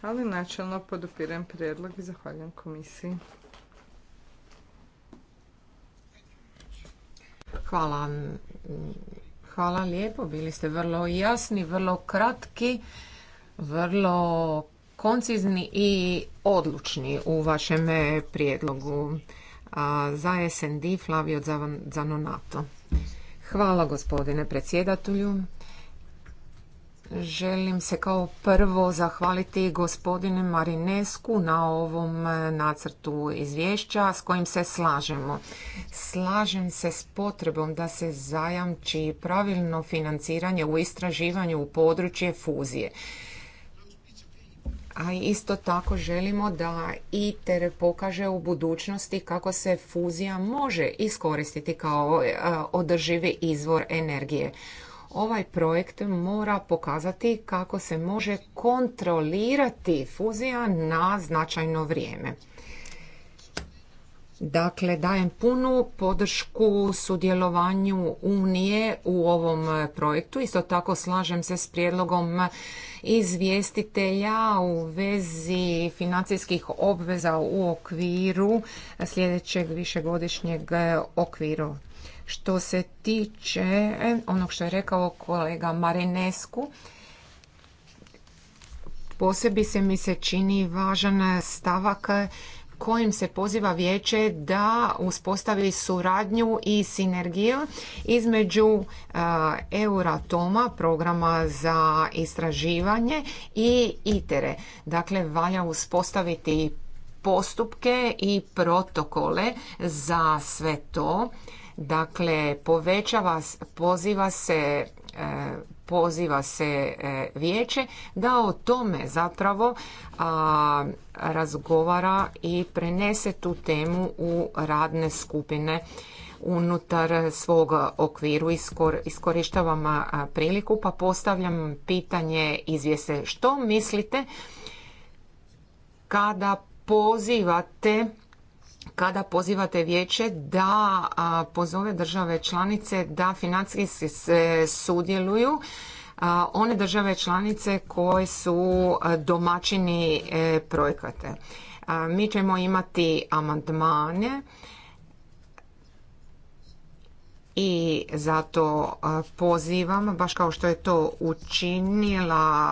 Ali načelno podupirem prijedlog i zahvaljujem komisiji. Hvala. Hvala lijepo. Bili ste vrlo jasni, vrlo kratki, vrlo koncizni i odlučni u vašem prijedlogu. Za za SND Flavio Zanonato. Hvala gospodine predsjedatelju. Želim se kao prvo zahvaliti gospodine Marinesku na ovom e, nacrtu izvješća s kojim se slažemo. Slažem se s potrebom da se zajamči pravilno financiranje u istraživanju u područje fuzije a isto tako želimo da ITER pokaže u budućnosti kako se fuzija može iskoristiti kao e, održivi izvor energije. Ovaj projekt mora pokazati kako se može kontrolirati fuzija na značajno vrijeme. Dakle, dajem punu podršku sudjelovanju Unije u ovom projektu. Isto tako slažem se s prijedlogom izvjestitelja u vezi financijskih obveza u okviru sljedećeg višegodišnjeg okvira. Što se tiče e, onog što je rekao kolega Marinesku, posebi se mi se čini važan stavak kojim se poziva vijeće da uspostavi suradnju i sinergiju između e, Euratoma, programa za istraživanje i ITERE. Dakle, valja uspostaviti postupke i protokole za sve to. Dakle, povećava, poziva se e, poziva se e, vijeće da o tome zapravo razgovara i prenese tu temu u radne skupine unutar svog okviru iskorištavam priliku pa postavljam pitanje izvjese što mislite kada pozivate kada pozivate vijeće da pozove države članice da financijski e, sudjeluju one države članice koje su domaćini e, projekata. Mi ćemo imati amandmane i zato pozivam, baš kao što je to učinila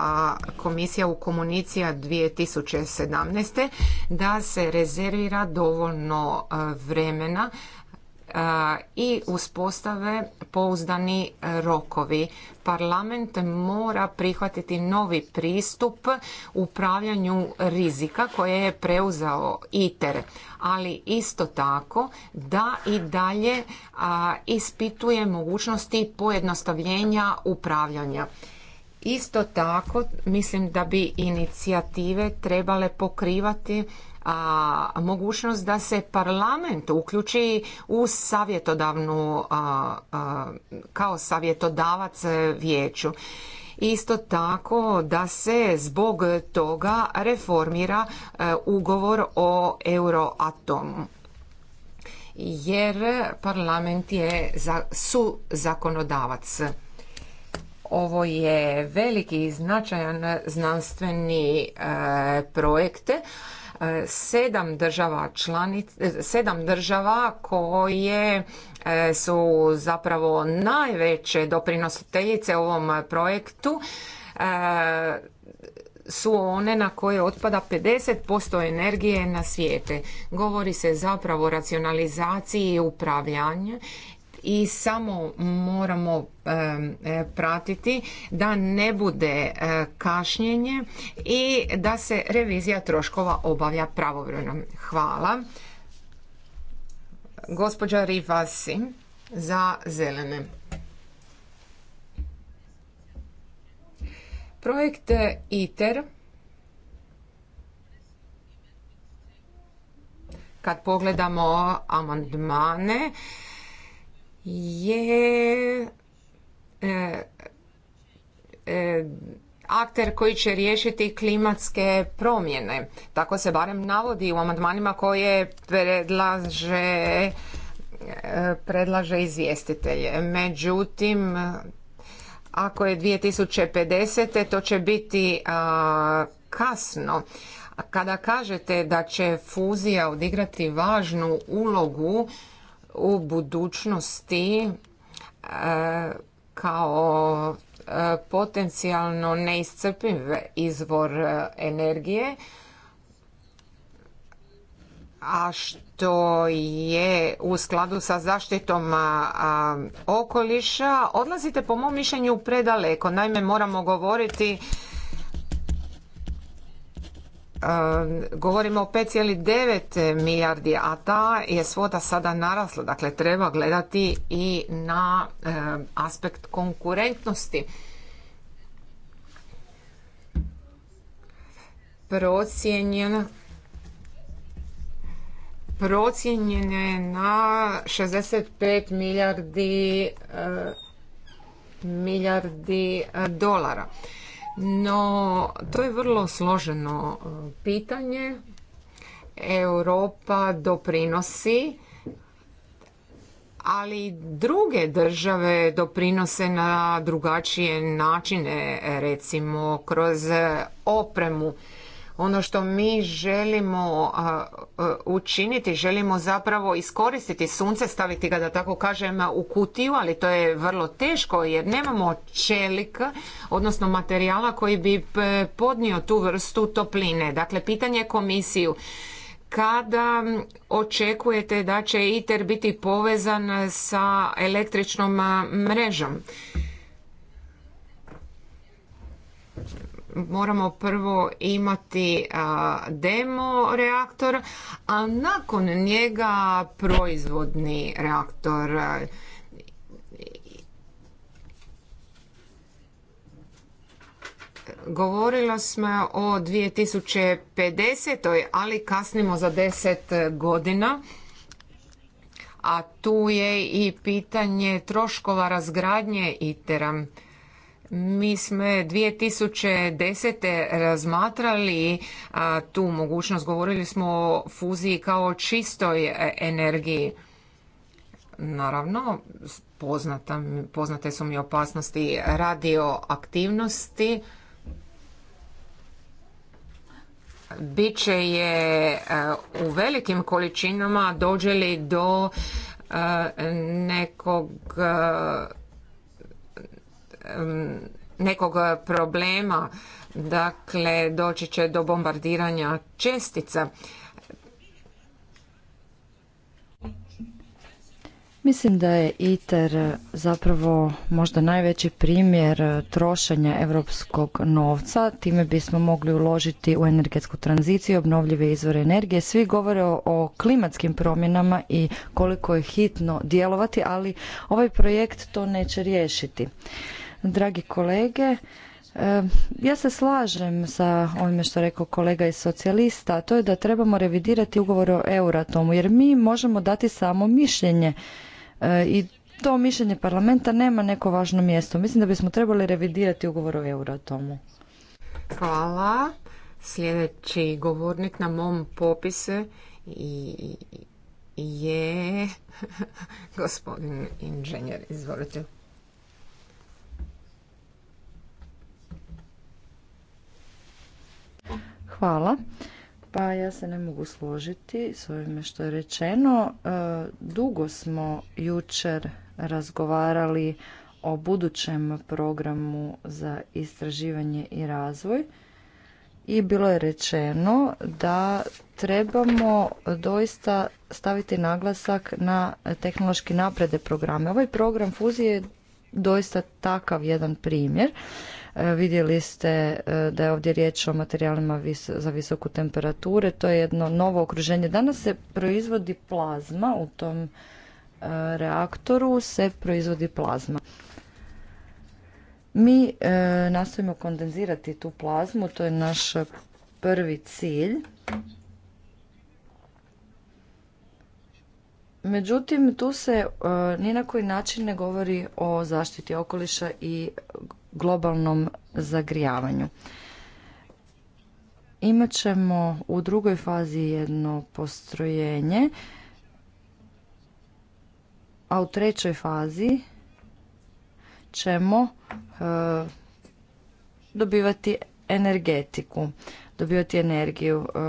komisija u komunicija 2017. da se rezervira dovoljno vremena i uspostave pouzdani rokovi. Parlament mora prihvatiti novi pristup upravljanju rizika koje je preuzao ITER, ali isto tako da i dalje ispituje mogućnosti pojednostavljenja upravljanja. Isto tako mislim da bi inicijative trebale pokrivati a, mogućnost da se parlament uključi u savjetodavnu kao savjetodavac vijeću. Isto tako da se zbog toga reformira e, ugovor o Euroatomu jer parlament je za, su zakonodavac. Ovo je veliki i značajan znanstveni projekte projekt sedam država e, sedam država koje e, su zapravo najveće doprinositeljice ovom projektu e, su one na koje otpada 50% energije na svijete. Govori se zapravo o racionalizaciji i upravljanju i samo moramo e, pratiti da ne bude e, kašnjenje i da se revizija troškova obavlja pravovremeno. Hvala. Gospođa Rivasi za zelene. Projekt e, ITER kad pogledamo amandmane je e, e, akter koji će riješiti klimatske promjene. Tako se barem navodi u amandmanima koje predlaže e, predlaže izvjestitelj. Međutim, ako je 2050. to će biti a, kasno. Kada kažete da će fuzija odigrati važnu ulogu u budućnosti e, kao e, potencijalno neiscrpiv izvor e, energije, a što je u skladu sa zaštitom okoliša, odlazite po mom mišljenju predaleko. Naime, moramo govoriti govorimo o 5,9 milijardi, a ta je svota sada narasla. Dakle, treba gledati i na aspekt konkurentnosti. Procijenjen procijenjen je na 65 milijardi milijardi dolara. No, to je vrlo složeno e, pitanje. Europa doprinosi, ali druge države doprinose na drugačije načine, recimo kroz opremu ono što mi želimo učiniti, želimo zapravo iskoristiti sunce, staviti ga da tako kažem u kutiju, ali to je vrlo teško jer nemamo čelika, odnosno materijala koji bi podnio tu vrstu topline. Dakle, pitanje komisiju kada očekujete da će ITER biti povezan sa električnom mrežom? moramo prvo imati demo reaktor, a nakon njega proizvodni reaktor. Govorila smo o 2050. ali kasnimo za 10 godina a tu je i pitanje troškova razgradnje ITERA. Mi smo 2010. razmatrali tu mogućnost, govorili smo o fuziji kao čistoj e, energiji. Naravno, poznate su mi opasnosti radioaktivnosti. će je e, u velikim količinama dođeli do e, nekog nekog problema, dakle doći će do bombardiranja čestica. Mislim da je ITER zapravo možda najveći primjer trošenja europskog novca. Time bismo mogli uložiti u energetsku tranziciju, obnovljive izvore energije. Svi govore o klimatskim promjenama i koliko je hitno djelovati, ali ovaj projekt to neće riješiti. Dragi kolege, e, ja se slažem sa ovime što rekao kolega iz socijalista, a to je da trebamo revidirati ugovor o Euratomu, jer mi možemo dati samo mišljenje e, i to mišljenje parlamenta nema neko važno mjesto. Mislim da bismo trebali revidirati ugovor o Euratomu. Hvala. Sljedeći govornik na mom popisu je gospodin inženjer. Izvolite. Hvala. Pa ja se ne mogu složiti s ovime što je rečeno. E, dugo smo jučer razgovarali o budućem programu za istraživanje i razvoj i bilo je rečeno da trebamo doista staviti naglasak na tehnološki naprede programe. Ovaj program fuzije je doista takav jedan primjer. Vidjeli ste e, da je ovdje riječ o materijalima za visoku temperature. To je jedno novo okruženje. Danas se proizvodi plazma u tom e, reaktoru se proizvodi plazma. Mi e, nastojimo kondenzirati tu plazmu, to je naš prvi cilj. Međutim, tu se ni na koji način ne govori o zaštiti okoliša i globalnom zagrijavanju. ćemo u drugoj fazi jedno postrojenje, a u trećoj fazi ćemo e, dobivati energetiku, dobivati energiju, e,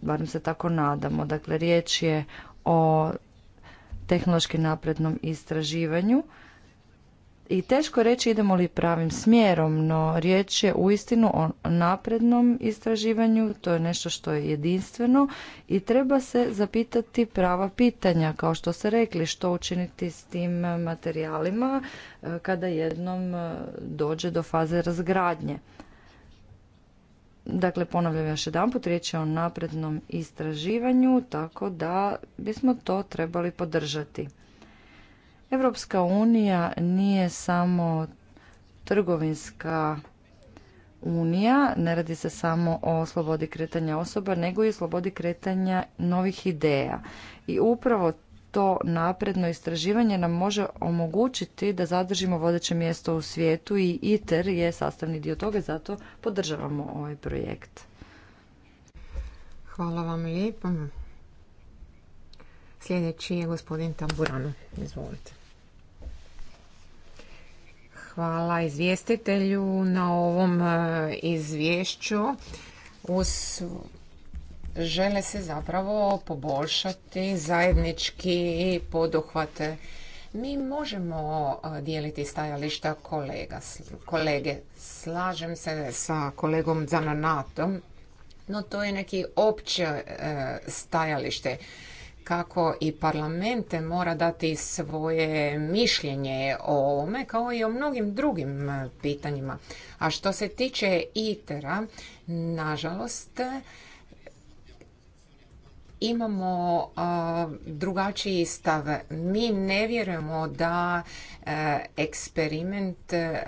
barem se tako nadamo. Dakle, riječ je o tehnološki naprednom istraživanju i teško reći idemo li pravim smjerom, no riječ je uistinu o naprednom istraživanju, to je nešto što je jedinstveno i treba se zapitati prava pitanja, kao što ste rekli, što učiniti s tim materijalima e, kada jednom e, dođe do faze razgradnje. Dakle, ponavljam još jedan put, riječ je o naprednom istraživanju, tako da bismo to trebali podržati. Evropska unija nije samo trgovinska unija, ne radi se samo o slobodi kretanja osoba, nego i slobodi kretanja novih ideja. I upravo to napredno istraživanje nam može omogućiti da zadržimo vodeće mjesto u svijetu i ITER je sastavni dio toga, zato podržavamo ovaj projekt. Hvala vam lijepo. Sljedeći je gospodin Tamburano. Izvolite. Hvala izvjestitelju na ovom e, izvješću. žele se zapravo poboljšati zajednički poduhvate. Mi možemo e, dijeliti stajališta kolega, kolege. Slažem se sa kolegom Zananatom, no to je neki opće e, stajalište kako i parlamente mora dati svoje mišljenje o ovome kao i o mnogim drugim e, pitanjima. A što se tiče ITER-a, nažalost, imamo drugačiji stav. Mi ne vjerujemo da e, eksperiment e,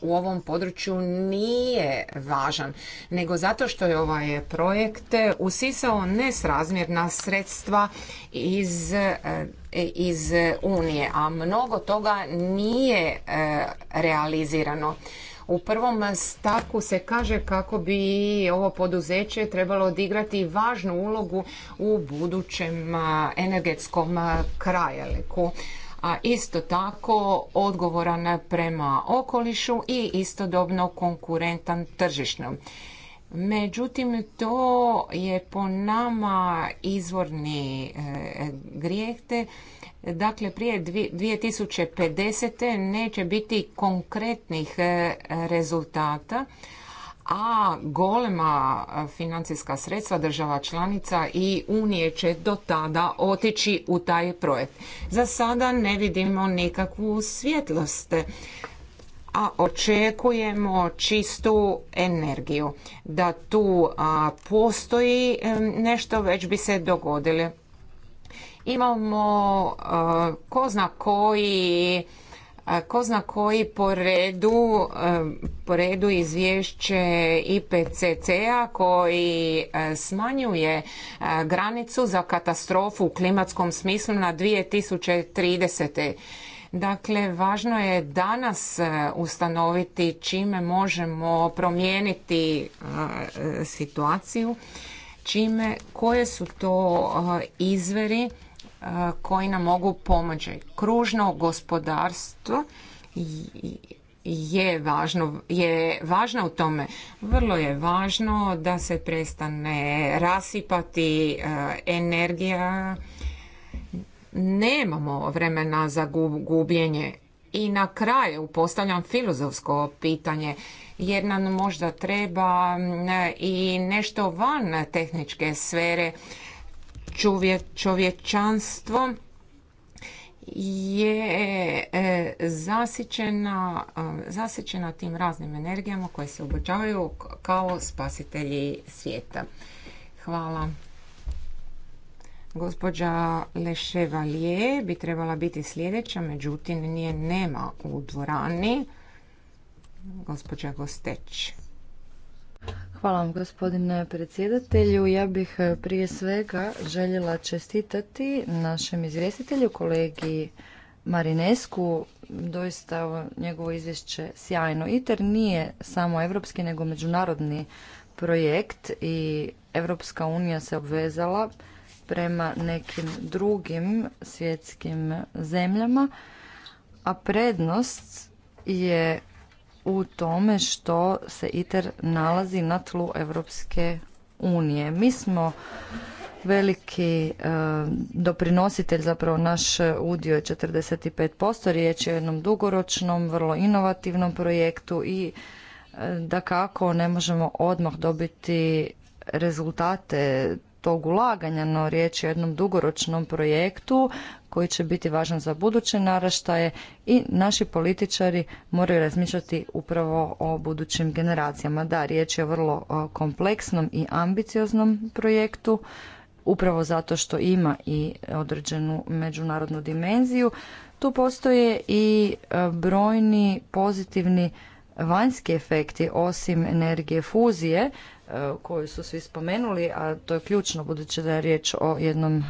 u ovom području nije važan, nego zato što je ovaj projekt usisao nesrazmjerna sredstva iz e, iz Unije, a mnogo toga nije realizirano. U prvom stavku se kaže kako bi ovo poduzeće trebalo odigrati važnu ulogu u budućem energetskom krajeliku a isto tako odgovoran prema okolišu i istodobno konkurentan tržišnom. Međutim, to je po nama izvorni e, grijeh Dakle, prije 2050. neće biti konkretnih e, rezultata, a golema financijska sredstva država članica i Unije će do tada otići u taj projekt. Za sada ne vidimo nikakvu svjetlost a očekujemo čistu energiju. Da tu postoji e, nešto već bi se dogodilo imamo e, ko zna koji e, ko zna koji po redu, e, po redu izvješće IPCC-a koji smanjuje granicu za katastrofu u klimatskom smislu na 2030. Dakle, važno je danas ustanoviti čime možemo promijeniti situaciju, čime, koje su to izveri koji nam mogu pomoći. Kružno gospodarstvo je važno, je važno u tome. Vrlo je važno da se prestane rasipati energija. Nemamo vremena za gubljenje. I na kraju postavljam filozofsko pitanje jer nam možda treba i nešto van tehničke sfere čovječanstvo je e, e, zasićena, tim raznim energijama koje se obođavaju kao spasitelji svijeta. Hvala. Gospođa Le Chevalier bi trebala biti sljedeća, međutim nije nema u dvorani. Gospođa Gosteć. Hvala vam gospodine predsjedatelju. Ja bih e, prije svega željela čestitati našem izvjestitelju, kolegi Marinesku. Doista njegovo izvješće sjajno. ITER nije samo evropski nego međunarodni projekt i Evropska unija se obvezala prema nekim drugim svjetskim zemljama, a prednost je u tome što se ITER nalazi na tlu Evropske unije. Mi smo veliki e, doprinositelj, zapravo naš udio je 45%, riječ je o jednom dugoročnom, vrlo inovativnom projektu i e, da kako ne možemo odmah dobiti rezultate tog ulaganja, no riječ je o jednom dugoročnom projektu koji će biti važan za buduće naraštaje i naši političari moraju razmišljati upravo o budućim generacijama. Da, riječ je o vrlo kompleksnom i ambicioznom projektu, upravo zato što ima i određenu međunarodnu dimenziju. Tu postoje i e, brojni pozitivni vanjski efekti osim energije fuzije E, koju su svi spomenuli, a to je ključno budući da je riječ o jednom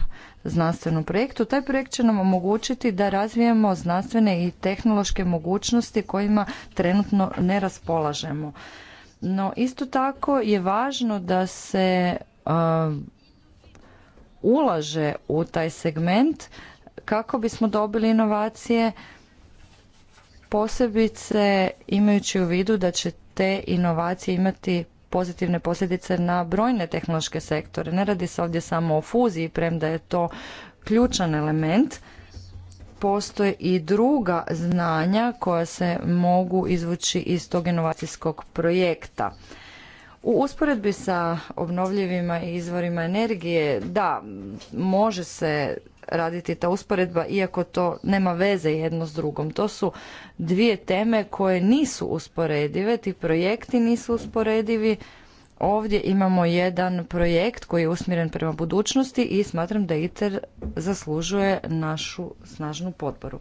znanstvenom projektu. Taj projekt će nam omogućiti da razvijemo znanstvene i tehnološke mogućnosti kojima trenutno ne raspolažemo. No isto tako je važno da se uh, ulaže u taj segment kako bismo dobili inovacije posebice imajući u vidu da će te inovacije imati pozitivne posljedice na brojne tehnološke sektore. Ne radi se ovdje samo o fuziji, premda je to ključan element. Postoje i druga znanja koja se mogu izvući iz tog inovacijskog projekta. U usporedbi sa obnovljivima i izvorima energije, da, može se raditi ta usporedba iako to nema veze jedno s drugom. To su dvije teme koje nisu usporedive, ti projekti nisu usporedivi. Ovdje imamo jedan projekt koji je usmjeren prema budućnosti i smatram da ITER zaslužuje našu snažnu potporu.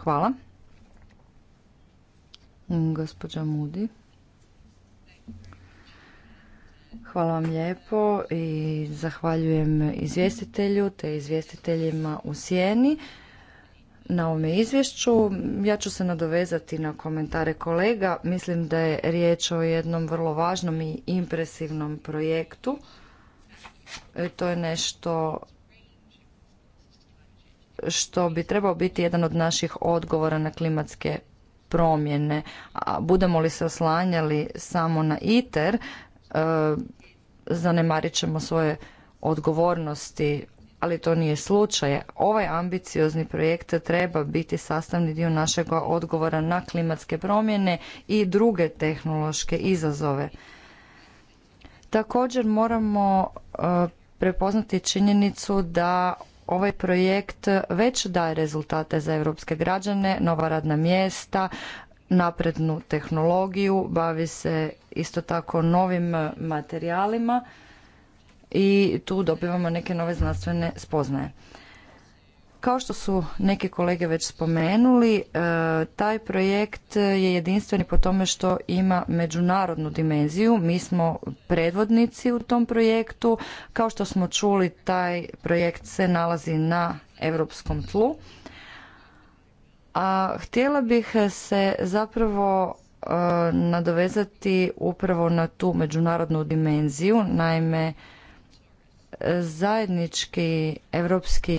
Hvala. Gospođa Mudi. Hvala vam lijepo i zahvaljujem izvjestitelju te izvjestiteljima u sjeni na ovome izvješću. Ja ću se nadovezati na komentare kolega. Mislim da je riječ o jednom vrlo važnom i impresivnom projektu. E, to je nešto što bi trebao biti jedan od naših odgovora na klimatske promjene. A budemo li se oslanjali samo na ITER, e, zanemarit ćemo svoje odgovornosti, ali to nije slučaj. Ovaj ambiciozni projekt treba biti sastavni dio našeg odgovora na klimatske promjene i druge tehnološke izazove. Također moramo e, prepoznati činjenicu da ovaj projekt već daje rezultate za europske građane, nova radna mjesta, naprednu tehnologiju, bavi se isto tako novim e, materijalima i tu dobivamo neke nove znanstvene spoznaje. Kao što su neki kolege već spomenuli, e, taj projekt je jedinstveni po tome što ima međunarodnu dimenziju. Mi smo predvodnici u tom projektu. Kao što smo čuli, taj projekt se nalazi na europskom tlu a htjela bih se zapravo e, nadovezati upravo na tu međunarodnu dimenziju, naime zajednički evropski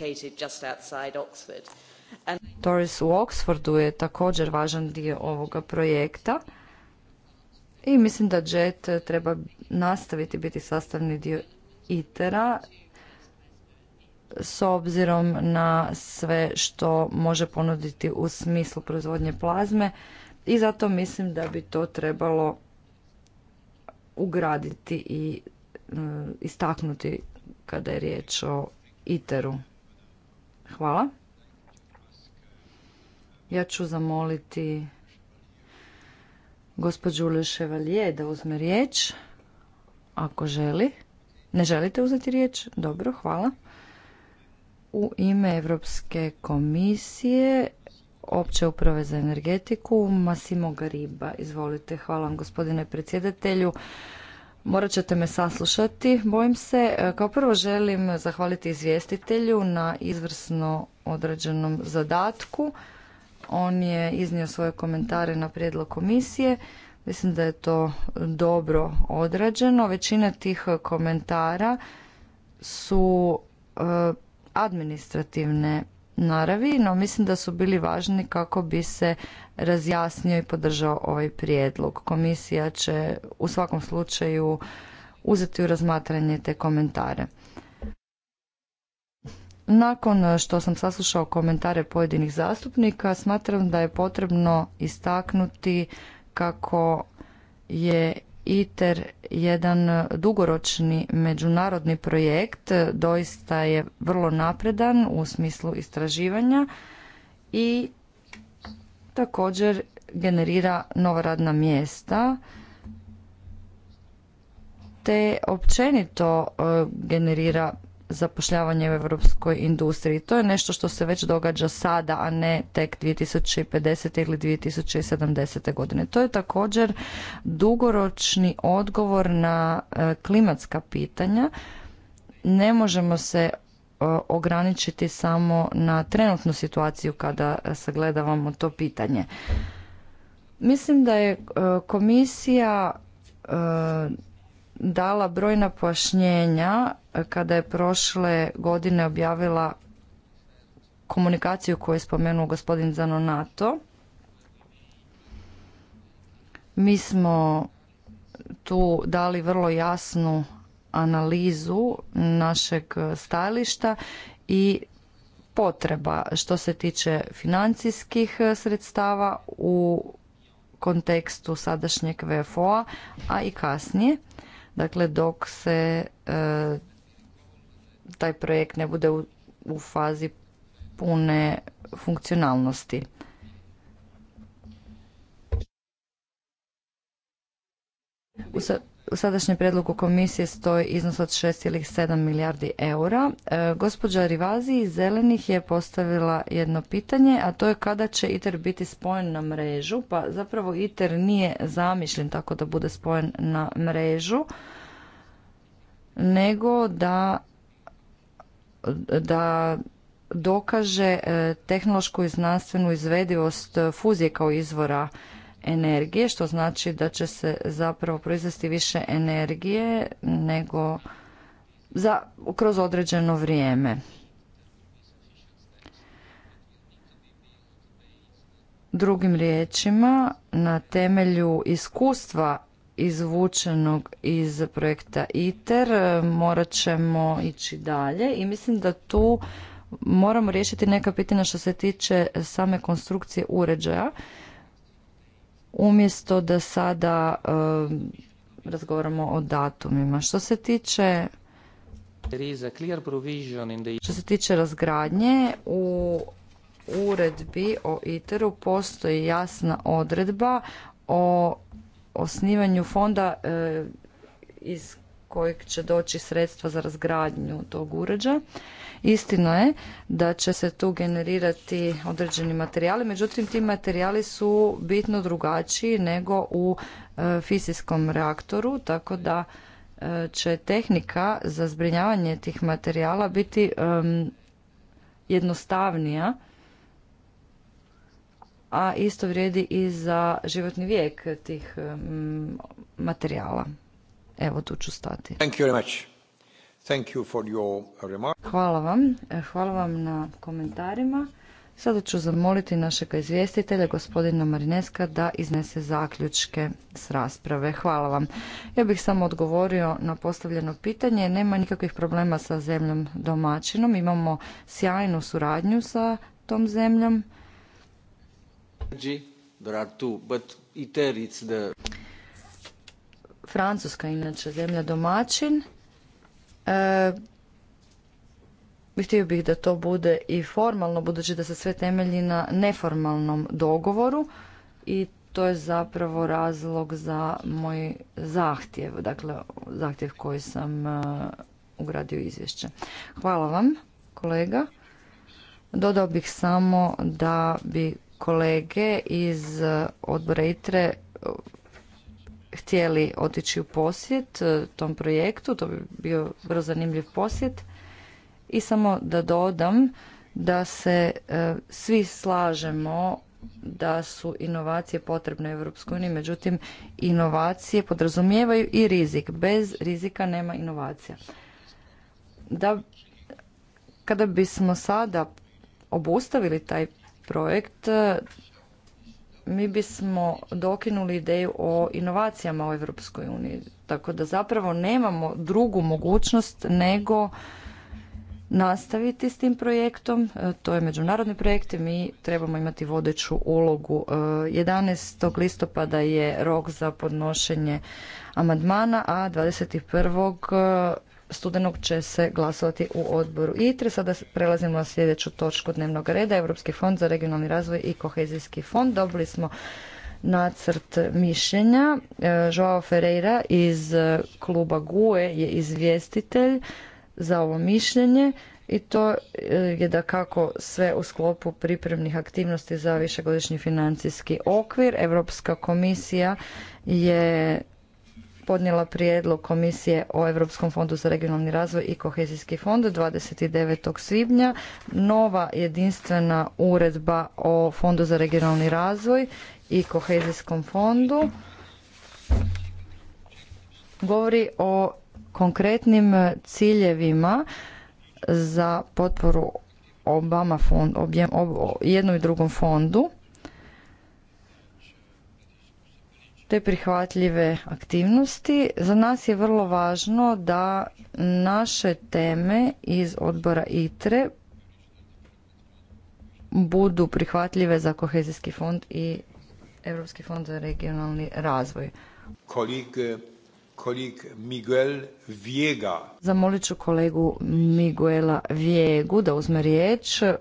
Toris u Oxfordu je također važan dio ovoga projekta i mislim da JET treba nastaviti biti sastavni dio ITera s obzirom na sve što može ponuditi u smislu proizvodnje plazme i zato mislim da bi to trebalo ugraditi i e, istaknuti kada je riječ o iteru. Hvala. Ja ću zamoliti gospođu Le Chevalier da uzme riječ, ako želi. Ne želite uzeti riječ? Dobro, hvala u ime Europske komisije opće uprave za energetiku Masimo Gariba. Izvolite, hvala vam gospodine predsjedatelju. Morat ćete me saslušati, bojim se. E, kao prvo želim zahvaliti izvjestitelju na izvrsno odrađenom zadatku. On je iznio svoje komentare na prijedlog komisije. Mislim da je to dobro odrađeno. Većina tih komentara su e, administrativne naravi, no mislim da su bili važni kako bi se razjasnio i podržao ovaj prijedlog. Komisija će u svakom slučaju uzeti u razmatranje te komentare. Nakon što sam saslušao komentare pojedinih zastupnika, smatram da je potrebno istaknuti kako je ITER jedan dugoročni međunarodni projekt, doista je vrlo napredan u smislu istraživanja i također generira nova radna mjesta te općenito e, generira zapošljavanje u europskoj industriji. To je nešto što se već događa sada, a ne tek 2050. ili 2070. godine. To je također dugoročni odgovor na e, klimatska pitanja. Ne možemo se e, ograničiti samo na trenutnu situaciju kada e, sagledavamo to pitanje. Mislim da je komisija dala brojna pojašnjenja e, kada je prošle godine objavila komunikaciju koju je spomenuo gospodin Zanonato. Mi smo tu dali vrlo jasnu analizu našeg stajališta i potreba što se tiče financijskih sredstava u kontekstu sadašnjeg VFO-a, a i kasnije dakle dok se e, taj projekt ne bude u, fazi pune funkcionalnosti. U, u sadašnjem predlogu komisije stoji iznos od 6,7 milijardi eura. E, gospođa Rivazi iz Zelenih je postavila jedno pitanje, a to je kada će ITER biti spojen na mrežu. Pa zapravo ITER nije zamišljen tako da bude spojen na mrežu, nego da, da dokaže e, tehnološku i znanstvenu izvedivost fuzije kao izvora energije, što znači da će se zapravo proizvesti više energije nego za, kroz određeno vrijeme. Drugim riječima, na temelju iskustva izvučenog iz projekta ITER morat ćemo ići dalje i mislim da tu moramo riješiti neka pitanja što se tiče same konstrukcije uređaja umjesto da sada eh, razgovaramo o datumima. Što se tiče što se tiče razgradnje, u uredbi o ITER-u postoji jasna odredba o osnivanju fonda eh, iz kojeg će doći sredstva za razgradnju tog uređaja. Istino je da će se tu generirati određeni materijali, međutim ti materijali su bitno drugačiji nego u e, fizijskom reaktoru, tako da e, će tehnika za zbrinjavanje tih materijala biti jednostavnija a isto vrijedi i za životni vijek tih materijala. Evo tu ću stati. hvala vam. E, hvala vam na komentarima. Sada ću zamoliti našeg izvjestitelja, gospodina Marineska, da iznese zaključke s rasprave. Hvala vam. Ja bih samo odgovorio na postavljeno pitanje. Nema nikakvih problema sa zemljom domaćinom. Imamo sjajnu suradnju sa tom zemljom. Francuska, inače zemlja domaćin. E, htio bih da to bude i formalno, budući da se sve temelji na neformalnom dogovoru i to je zapravo razlog za moj zahtjev, dakle zahtjev koji sam e, ugradio izvješće. Hvala vam, kolega. Dodao bih samo da bi kolege iz odbora ITRE htjeli otići u posjet e, tom projektu, to bi bio vrlo zanimljiv posjet. I samo da dodam da se e, svi slažemo da su inovacije potrebne Europskoj uniji, međutim inovacije podrazumijevaju i rizik. Bez rizika nema inovacija. Da, kada bismo sada obustavili taj projekt, mi bismo dokinuli ideju o inovacijama u Europskoj uniji. Tako da zapravo nemamo drugu mogućnost nego nastaviti s tim projektom. E, to je međunarodni projekt i mi trebamo imati vodeću ulogu. 11. E, listopada je rok za podnošenje amandmana, a 21 studenog će se glasovati u odboru ITRE. Sada prelazimo na sljedeću točku dnevnog reda, Europski fond za regionalni razvoj i kohezijski fond. Dobili smo nacrt mišljenja. E, Joao Ferreira iz e, kluba GUE je izvjestitelj za ovo mišljenje i to e, je da kako sve u sklopu pripremnih aktivnosti za višegodišnji financijski okvir. Europska komisija je podnijela prijedlog Komisije o Europskom fondu za regionalni razvoj i kohezijski fond 29. svibnja. Nova jedinstvena uredba o Fondu za regionalni razvoj i kohezijskom fondu govori o konkretnim ciljevima za potporu Obama fond, objem, jednom i drugom fondu. te prihvatljive aktivnosti. Za nas je vrlo važno da naše teme iz odbora ITRE budu prihvatljive za kohezijski fond i Europski fond za regionalni razvoj. Kolik, kolik Miguel Viega. Zamolit ću kolegu Miguela Viegu da uzme riječ. E,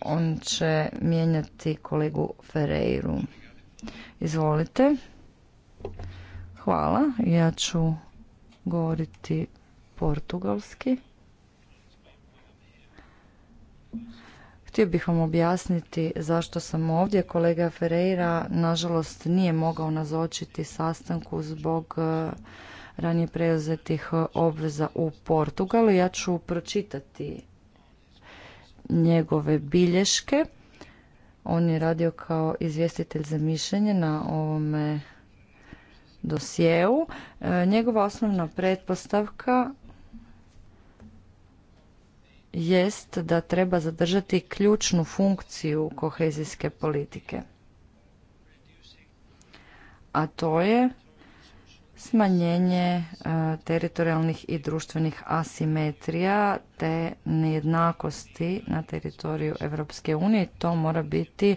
on će mijenjati kolegu Ferreiru. Izvolite. Hvala. Ja ću govoriti portugalski. Htio bih vam objasniti zašto sam ovdje. Kolega Ferreira, nažalost, nije mogao nazočiti sastanku zbog e, ranije preuzetih obveza u Portugalu. Ja ću pročitati njegove bilješke on je radio kao izvjestitelj za mišljenje na ovome dosjeu. E, njegova osnovna pretpostavka jest da treba zadržati ključnu funkciju kohezijske politike. A to je smanjenje e, teritorijalnih i društvenih asimetrija te nejednakosti na teritoriju Europske unije. To mora biti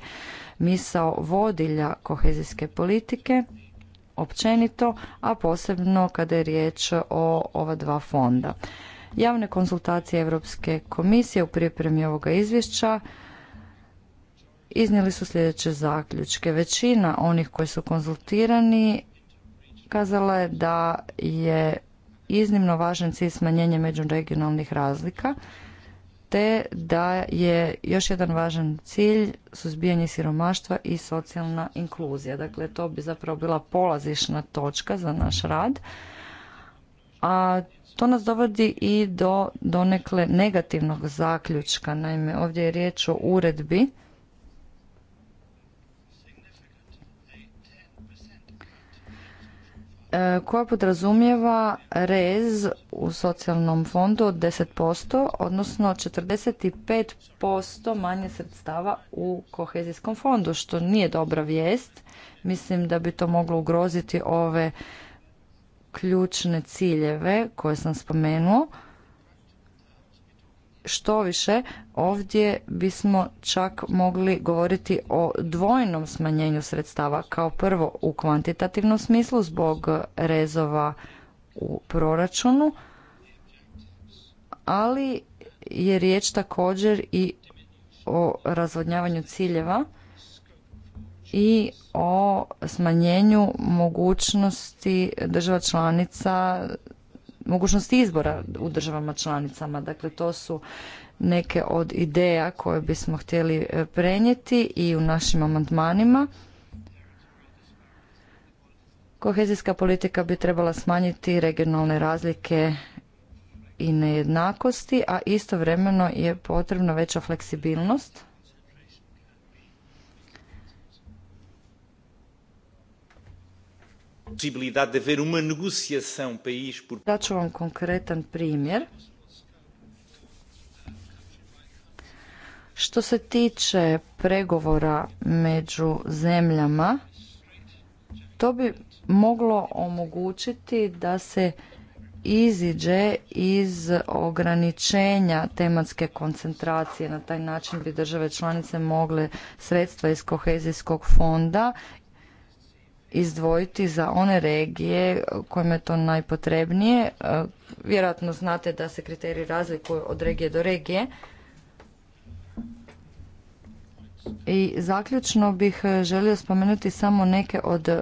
misao vodilja kohezijske politike općenito, a posebno kada je riječ o ova dva fonda. Javne konsultacije Europske komisije u pripremi ovoga izvješća iznijeli su sljedeće zaključke. Većina onih koji su konzultirani kazala je da je iznimno važan cilj smanjenje međuregionalnih razlika te da je još jedan važan cilj suzbijanje siromaštva i socijalna inkluzija. Dakle, to bi zapravo bila polazišna točka za naš rad. A to nas dovodi i do donekle negativnog zaključka. Naime, ovdje je riječ o uredbi E, koja podrazumijeva rez u socijalnom fondu od 10%, odnosno 45% manje sredstava u kohezijskom fondu, što nije dobra vijest. Mislim da bi to moglo ugroziti ove ključne ciljeve koje sam spomenuo. Što više, ovdje bismo čak mogli govoriti o dvojnom smanjenju sredstava kao prvo u kvantitativnom smislu zbog rezova u proračunu, ali je riječ također i o razvodnjavanju ciljeva i o smanjenju mogućnosti država članica mogućnosti izbora u državama članicama. Dakle, to su neke od ideja koje bismo htjeli e, prenijeti i u našim amandmanima. Kohezijska politika bi trebala smanjiti regionalne razlike i nejednakosti, a istovremeno je potrebna veća fleksibilnost possibilidade de país por... vam konkretan primjer. Što se tiče pregovora među zemljama, to bi moglo omogućiti da se iziđe iz ograničenja tematske koncentracije. Na taj način bi države članice mogle sredstva iz kohezijskog fonda izdvojiti za one regije kojima je to najpotrebnije. E, vjerojatno znate da se kriteriji razlikuju od regije do regije. I zaključno bih e, želio spomenuti samo neke od e,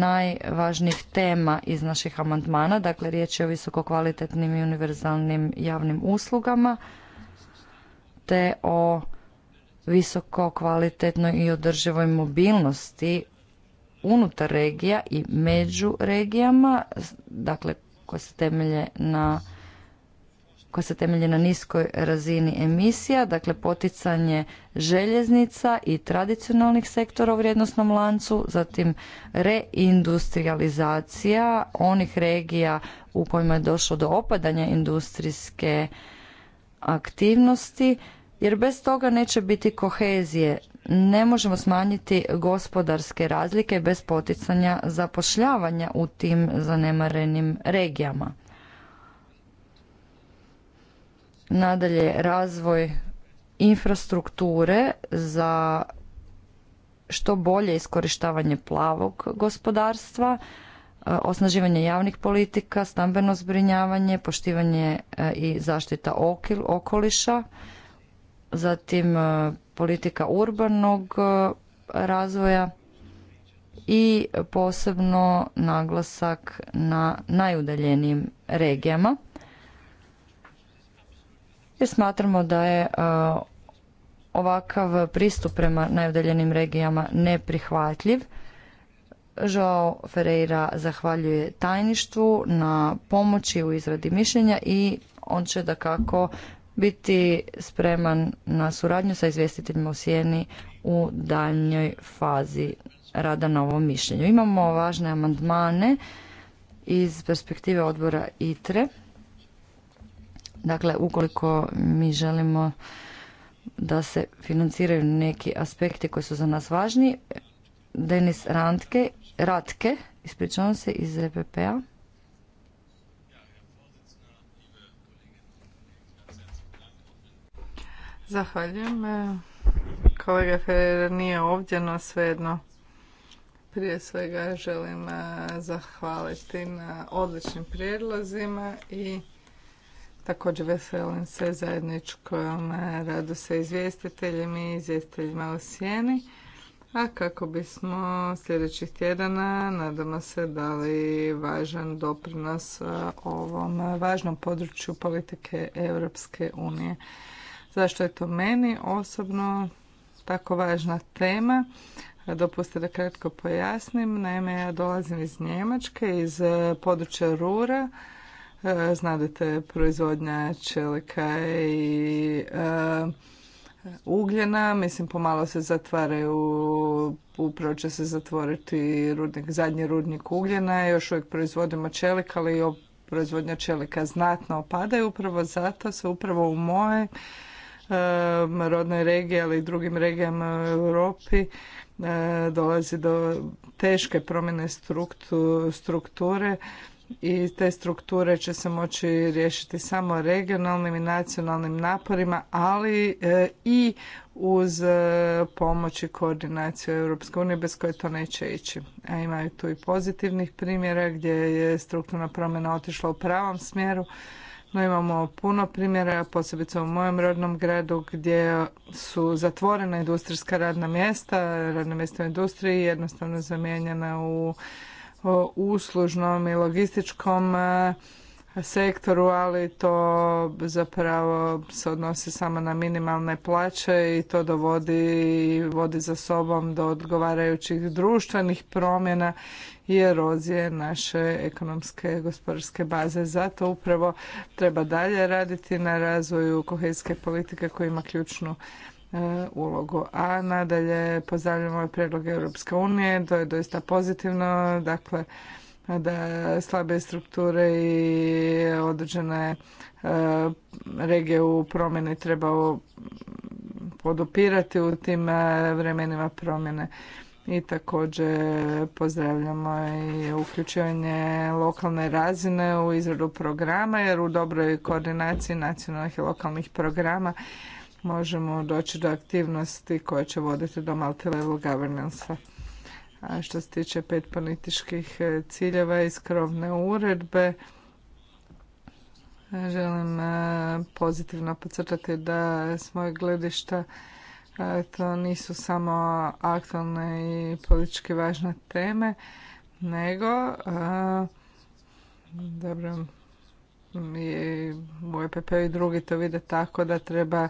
najvažnijih tema iz naših amandmana. Dakle, riječ je o visokokvalitetnim i univerzalnim javnim uslugama te o visoko i održivoj mobilnosti unutar regija i među regijama, dakle koje se temelje na se temelje na niskoj razini emisija, dakle poticanje željeznica i tradicionalnih sektora u vrijednosnom lancu, zatim reindustrializacija onih regija u kojima je došlo do opadanja industrijske aktivnosti, jer bez toga neće biti kohezije ne možemo smanjiti gospodarske razlike bez poticanja zapošljavanja u tim zanemarenim regijama. Nadalje, razvoj infrastrukture za što bolje iskorištavanje plavog gospodarstva, e, osnaživanje javnih politika, stambeno zbrinjavanje, poštivanje e, i zaštita okoliša, zatim e, politika urbanog e, razvoja i posebno naglasak na najudaljenijim regijama. Jer smatramo da je e, ovakav pristup prema najudaljenim regijama neprihvatljiv. Žao Ferreira zahvaljuje tajništvu na pomoći u izradi mišljenja i on će da kako biti spreman na suradnju sa izvjestiteljima u Sijeni u daljnjoj fazi rada na ovom mišljenju. Imamo važne amandmane iz perspektive odbora ITRE. Dakle, ukoliko mi želimo da se financiraju neki aspekti koji su za nas važni, Denis Ratke, ispričavam se, iz EPP-a. Zahvaljujem. E, kolega Ferrer nije ovdje, no svejedno prije svega želim e, zahvaliti na odličnim prijedlozima i također veselim se zajedničkom radu sa izvjestiteljima i izvjestiteljima u sjeni. A kako bismo sljedećih tjedana, nadamo se, dali važan doprinos e, ovom važnom području politike Europske unije zašto je to meni osobno tako važna tema. Dopustite da kratko pojasnim. Naime, ja dolazim iz Njemačke, iz eh, područja Rura. Eh, znadete, proizvodnja čelika i eh, ugljena, mislim pomalo se zatvaraju, upravo će se zatvoriti rudnik, zadnji rudnik ugljena, još uvijek proizvodimo čelik, ali proizvodnja čelika znatno opada i upravo zato se upravo u moje rodnoj regiji, ali i drugim regijama u Europi dolazi do teške promjene strukture i te strukture će se moći riješiti samo regionalnim i nacionalnim naporima, ali i uz pomoć i koordinaciju Europske unije bez koje to neće ići. A imaju tu i pozitivnih primjera gdje je strukturna promjena otišla u pravom smjeru no imamo puno primjera, posebice u mojem rodnom gradu gdje su zatvorena industrijska radna mjesta, radna mjesta u industriji jednostavno zamijenjena u uslužnom i logističkom e, sektoru, ali to zapravo se odnosi samo na minimalne plaće i to dovodi vodi za sobom do odgovarajućih društvenih promjena i erozije naše ekonomske gospodarske baze. Zato upravo treba dalje raditi na razvoju kohezijske politike koja ima ključnu e, ulogu. A nadalje pozdravljamo ovaj prijedlog Europske unije, to je doista pozitivno, dakle da slabe strukture i određene e, regije u promjeni treba podupirati u tim e, vremenima promjene i također pozdravljamo i uključivanje lokalne razine u izradu programa jer u dobroj koordinaciji nacionalnih i lokalnih programa možemo doći do aktivnosti koje će voditi do multilevel governance-a. što se tiče pet političkih e, ciljeva i skrovne uredbe, želim e, pozitivno podcrtati da s mojeg gledišta to nisu samo aktualne i politički važne teme, nego dobro i u EPP i drugi to vide tako da treba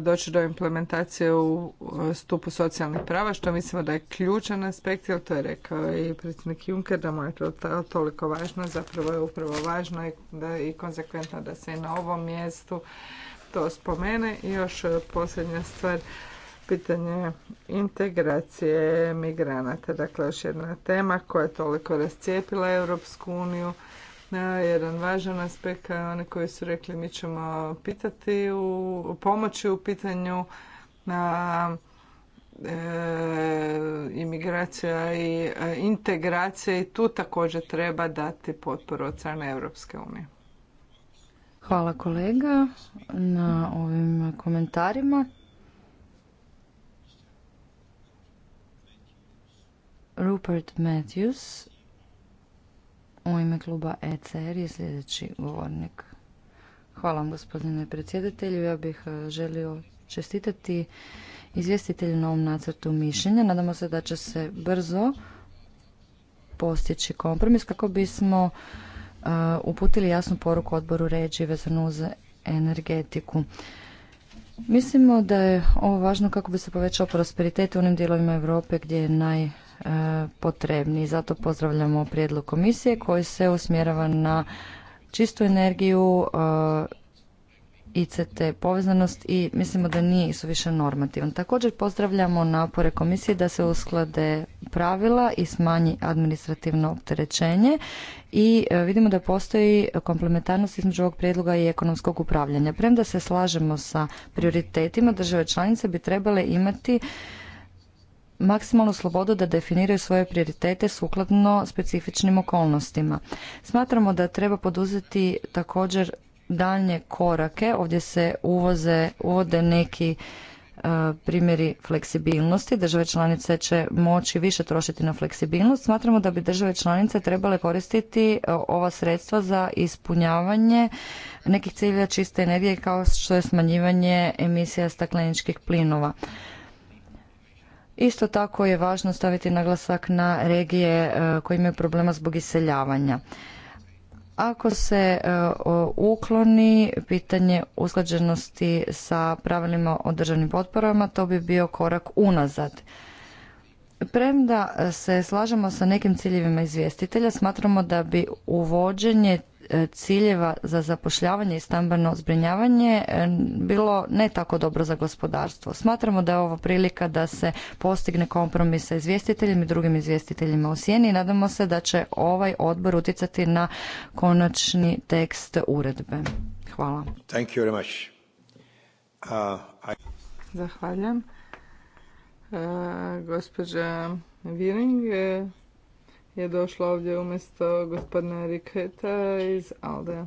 doći do implementacije u stupu socijalnih prava, što mislimo da je ključan aspekt, jer to je rekao i predsjednik Juncker, da mu je to toliko važno, zapravo je upravo važno i, da, i konsekventno da se i na ovom mjestu to spomene. I još e, posljednja stvar, pitanje integracije migranata. Dakle, još jedna tema koja je toliko rascijepila Europsku uniju. E, jedan važan aspekt je oni koji su rekli mi ćemo pitati u, pomoći u pitanju na e, imigracija i e, integracija i tu također treba dati potporu od strane Europske unije. Hvala kolega na ovim komentarima. Rupert Matthews u ime kluba ECR je sljedeći govornik. Hvala vam gospodine predsjedatelju. Ja bih e, želio čestitati izvjestitelju na ovom nacrtu mišljenja. Nadamo se da će se brzo postići kompromis kako bismo uputili jasnu poruku odboru ređi vezano uz energetiku. Mislimo da je ovo važno kako bi se povećao prosperitet u onim dijelovima Europe gdje je najpotrebniji. Zato pozdravljamo prijedlog komisije koji se usmjerava na čistu energiju, ICT povezanost i mislimo da nije suviše normativan. Također pozdravljamo napore komisije da se usklade pravila i smanji administrativno opterećenje i e, vidimo da postoji komplementarnost između ovog prijedloga i ekonomskog upravljanja. Premda se slažemo sa prioritetima, države članice bi trebale imati maksimalnu slobodu da definiraju svoje prioritete sukladno specifičnim okolnostima. Smatramo da treba poduzeti također daljnje korake. Ovdje se uvoze, uvode neki e, primjeri fleksibilnosti. Države članice će moći više trošiti na fleksibilnost. Smatramo da bi države članice trebale koristiti e, ova sredstva za ispunjavanje nekih cilja čiste energije kao što je smanjivanje emisija stakleničkih plinova. Isto tako je važno staviti naglasak na regije e, koje imaju problema zbog iseljavanja ako se e, ukloni pitanje usklađenosti sa pravilima o državnim potporama, to bi bio korak unazad. Premda se slažemo sa nekim ciljevima izvjestitelja, smatramo da bi uvođenje E, ciljeva za zapošljavanje i stambeno zbrinjavanje e, bilo ne tako dobro za gospodarstvo. Smatramo da je ovo prilika da se postigne kompromis sa izvjestiteljima i drugim izvjestiteljima u sjeni i nadamo se da će ovaj odbor uticati na konačni tekst uredbe. Hvala. Thank you very much. Uh, e, Viring, je došla ovdje umjesto gospodina Riketa iz Aldeja.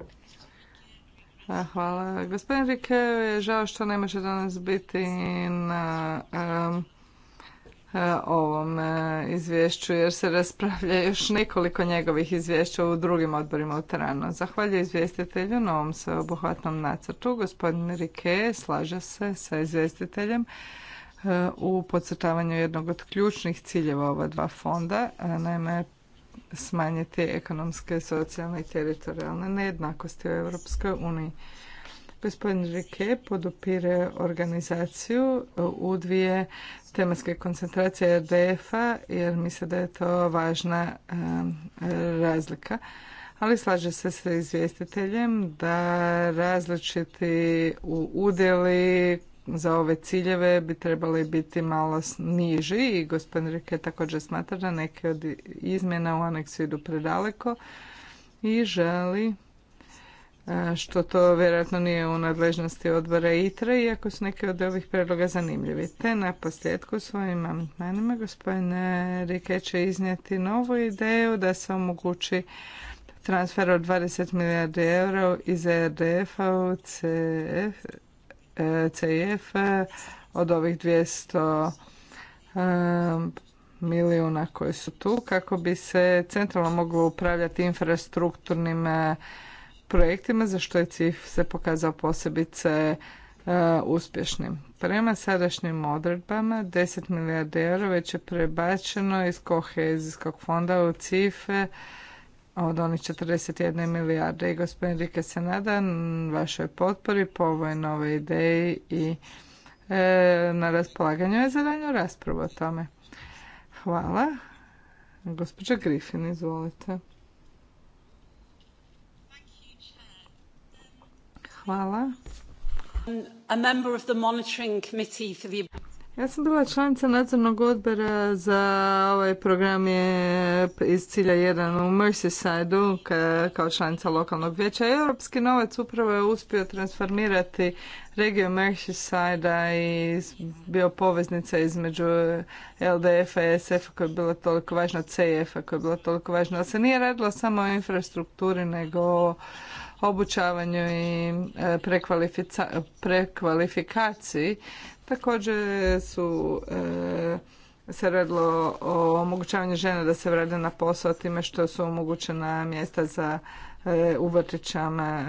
Hvala. Gospodin Rike je žao što ne može danas biti na eh, ovom eh, izvješću jer se raspravlja još nekoliko njegovih izvješća u drugim odborima u Terano. Zahvaljujem izvjestitelju na ovom sveobuhvatnom nacrtu. Gospodin Rike slaže se sa izvjestiteljem eh, u podcrtavanju jednog od ključnih ciljeva ova dva fonda, naime smanjiti ekonomske, socijalne i teritorijalne nejednakosti u Europskoj uniji. Gospodin Rike podupire organizaciju e, u dvije tematske koncentracije RDF-a e jer misle da je to važna e, razlika ali slaže se sa izvjestiteljem da različiti udjeli za ove ciljeve bi trebali biti malo niži i gospodin Rike također smatra da neke od izmjena u aneksu idu predaleko i želi e, što to vjerojatno nije u nadležnosti odbora ITRE, iako su neke od ovih predloga zanimljivi. Te na posljedku svojim amandmanima gospodin e, Rike će iznijeti novu ideju da se omogući transfer od 20 milijardi eura iz rdf a u CF CIF e, od ovih 200 e, milijuna koji su tu kako bi se centralno moglo upravljati infrastrukturnim e, projektima za što je CIF se pokazao posebice uspješnim. Prema sadašnjim odredbama 10 milijardi eura već je prebačeno iz kohezijskog fonda u CIF od onih 41 milijarde. I gospodin Rike se nada vašoj potpori po ovoj nove ideji i e, na raspolaganju je za danju raspravu o tome. Hvala. Gospođa Griffin, izvolite. Hvala. A member of the monitoring committee ja sam bila članica nadzornog odbora za ovaj program je iz cilja 1 u merseyside kao članica lokalnog vijeća. Europski novac upravo je uspio transformirati regiju merseyside i bio poveznica između LDF-a i SF-a koja je bila toliko važna, CF-a koja je bila toliko važna. Ali se nije radilo samo o infrastrukturi nego o obučavanju i e, prekvalifikaciji Također su e, se radilo o omogućavanju žena da se vrade na posao time što su omogućena mjesta za e, u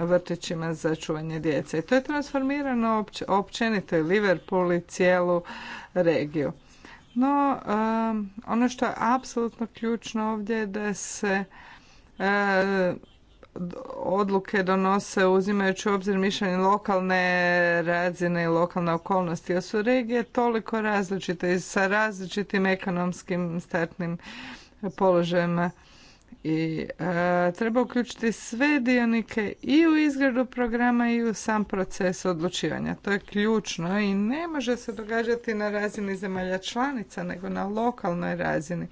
vrtićima za čuvanje djece. I to je transformirano općenito i Liverpool i cijelu regiju. No, e, ono što je apsolutno ključno ovdje je da se odluke donose uzimajući u obzir mišljenje lokalne razine i lokalne okolnosti, jer su regije toliko različite i sa različitim ekonomskim startnim položajima i e, treba uključiti sve dionike i u izgradu programa i u sam proces odlučivanja. To je ključno i ne može se događati na razini zemalja članica, nego na lokalnoj razini.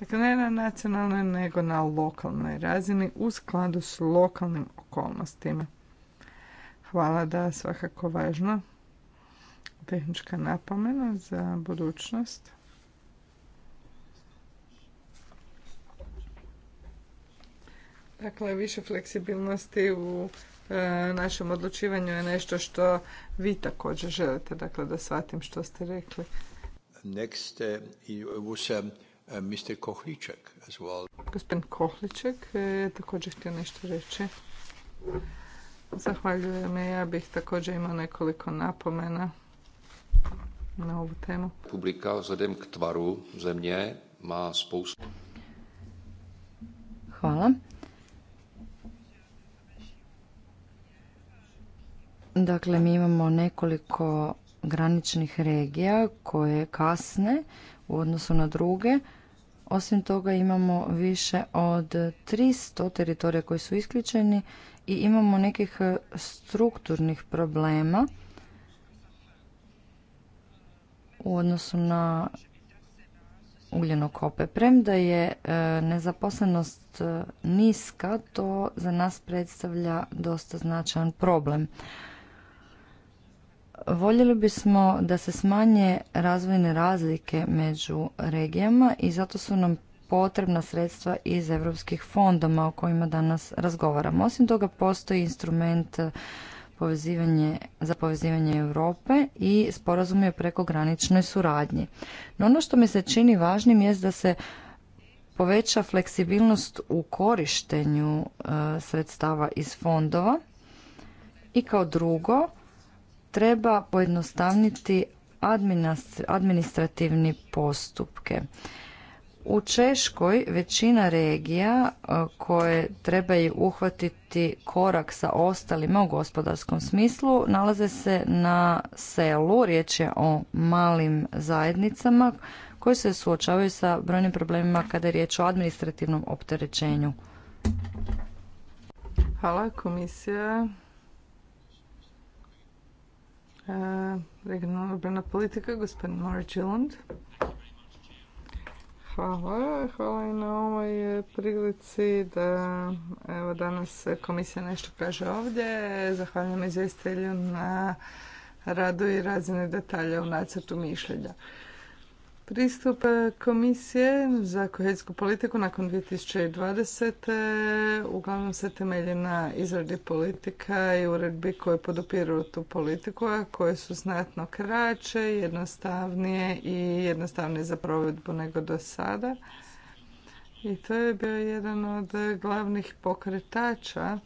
Dakle, ne na nacionalnoj, nego na lokalnoj razini u skladu s lokalnim okolnostima. Hvala da svakako važno. Tehnička napomena za budućnost. Dakle, više fleksibilnosti u e, našem odlučivanju je nešto što vi također želite, dakle da shvatim što ste rekli. Next uh, uh, Mr. Kohliček as well. Gospodin Kohliček je također htio nešto reći. Zahvaljujem. Ja bih također imao nekoliko napomena na ovu temu. Publika vzhledem k tvaru zemlje ma spoustu... Hvala. Dakle, mi imamo nekoliko graničnih regija koje kasne u odnosu na druge. Osim toga imamo više od 300 teritorija koji su isključeni i imamo nekih e, strukturnih problema u odnosu na kope. Premda je e, nezaposlenost e, niska, to za nas predstavlja dosta značajan problem. Voljeli bismo da se smanje razvojne razlike među regijama i zato su nam potrebna sredstva iz europskih fondova o kojima danas razgovaramo. Osim toga postoji instrument eh, povezivanje, za povezivanje Europe i sporazum je o prekograničnoj suradnji. No ono što mi se čini važnim jest da se poveća fleksibilnost u korištenju eh, sredstava iz fondova i kao drugo treba pojednostavniti administrativni postupke. U Češkoj većina regija e, koje trebaju uhvatiti korak sa ostalima u gospodarskom smislu nalaze se na selu, riječ je o malim zajednicama koje se suočavaju sa brojnim problemima kada je riječ o administrativnom opterećenju. Hvala komisija. Eh, regionalna obrana politika, gospodin Moričilund. Hvala. Hvala i na ovoj prilici da evo danas komisija nešto kaže ovdje. Zahvaljujem izvjestitelju na radu i razini detalja u nacrtu mišljenja. Pristup komisije za kohezijsku politiku nakon 2020. uglavnom se temelji na izradi politika i uredbi koje podopiruju tu politiku, a koje su znatno kraće, jednostavnije i jednostavnije za provedbu nego do sada. I to je bio jedan od glavnih pokretača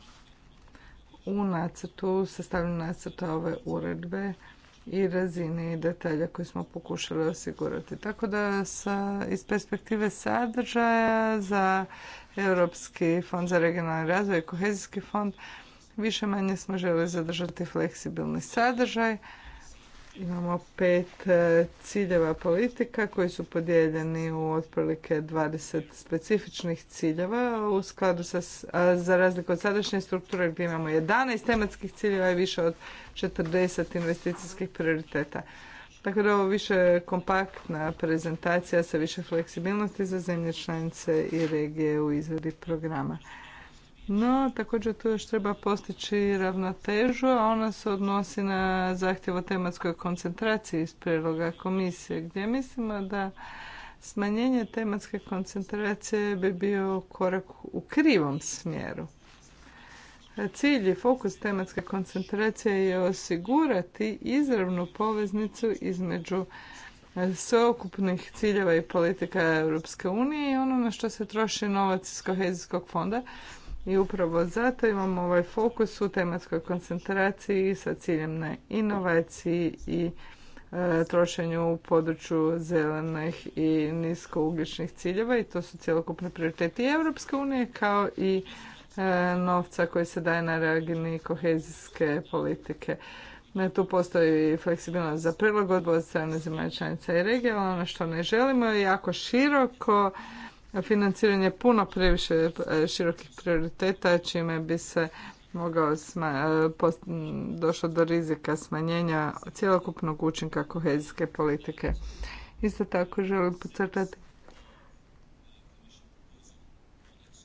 u nacrtu, sastavljanju nacrta ove uredbe i razini detalja koji smo pokušali osigurati. Tako da sa, iz perspektive sadržaja za Europski fond za regionalni razvoj i kohezijski fond više manje smo želi zadržati fleksibilni sadržaj, Imamo pet e, ciljeva politika koji su podijeljeni u otprilike 20 specifičnih ciljeva u skladu sa, za razliku od sadašnje strukture gdje imamo 11 tematskih ciljeva i više od 40 investicijskih prioriteta. Tako da ovo više kompaktna prezentacija sa više fleksibilnosti za zemlje članice i regije u izradi programa. No, također tu još treba postići ravnotežu, a ona se odnosi na zahtjev o tematskoj koncentraciji iz prijedloga komisije, gdje mislimo da smanjenje tematske koncentracije bi bio korak u krivom smjeru. Cilj i fokus tematske koncentracije je osigurati izravnu poveznicu između sveokupnih ciljeva i politika Europske unije i ono na što se troši novac iz kohezijskog fonda, i upravo zato imamo ovaj fokus u tematskoj koncentraciji sa ciljem na inovaciji i e, trošenju u području zelenih i niskougličnih ciljeva i to su cjelokupni prioriteti Europske unije kao i e, novca koji se daje na i kohezijske politike. E, tu postoji fleksibilnost za prilagodbu od strane zemlje članica i regija, ono što ne želimo je jako široko financiranje puno previše e, širokih prioriteta čime bi se mogao e, došlo do rizika smanjenja cjelokupnog učinka kohezijske politike. Isto tako želim podcrtati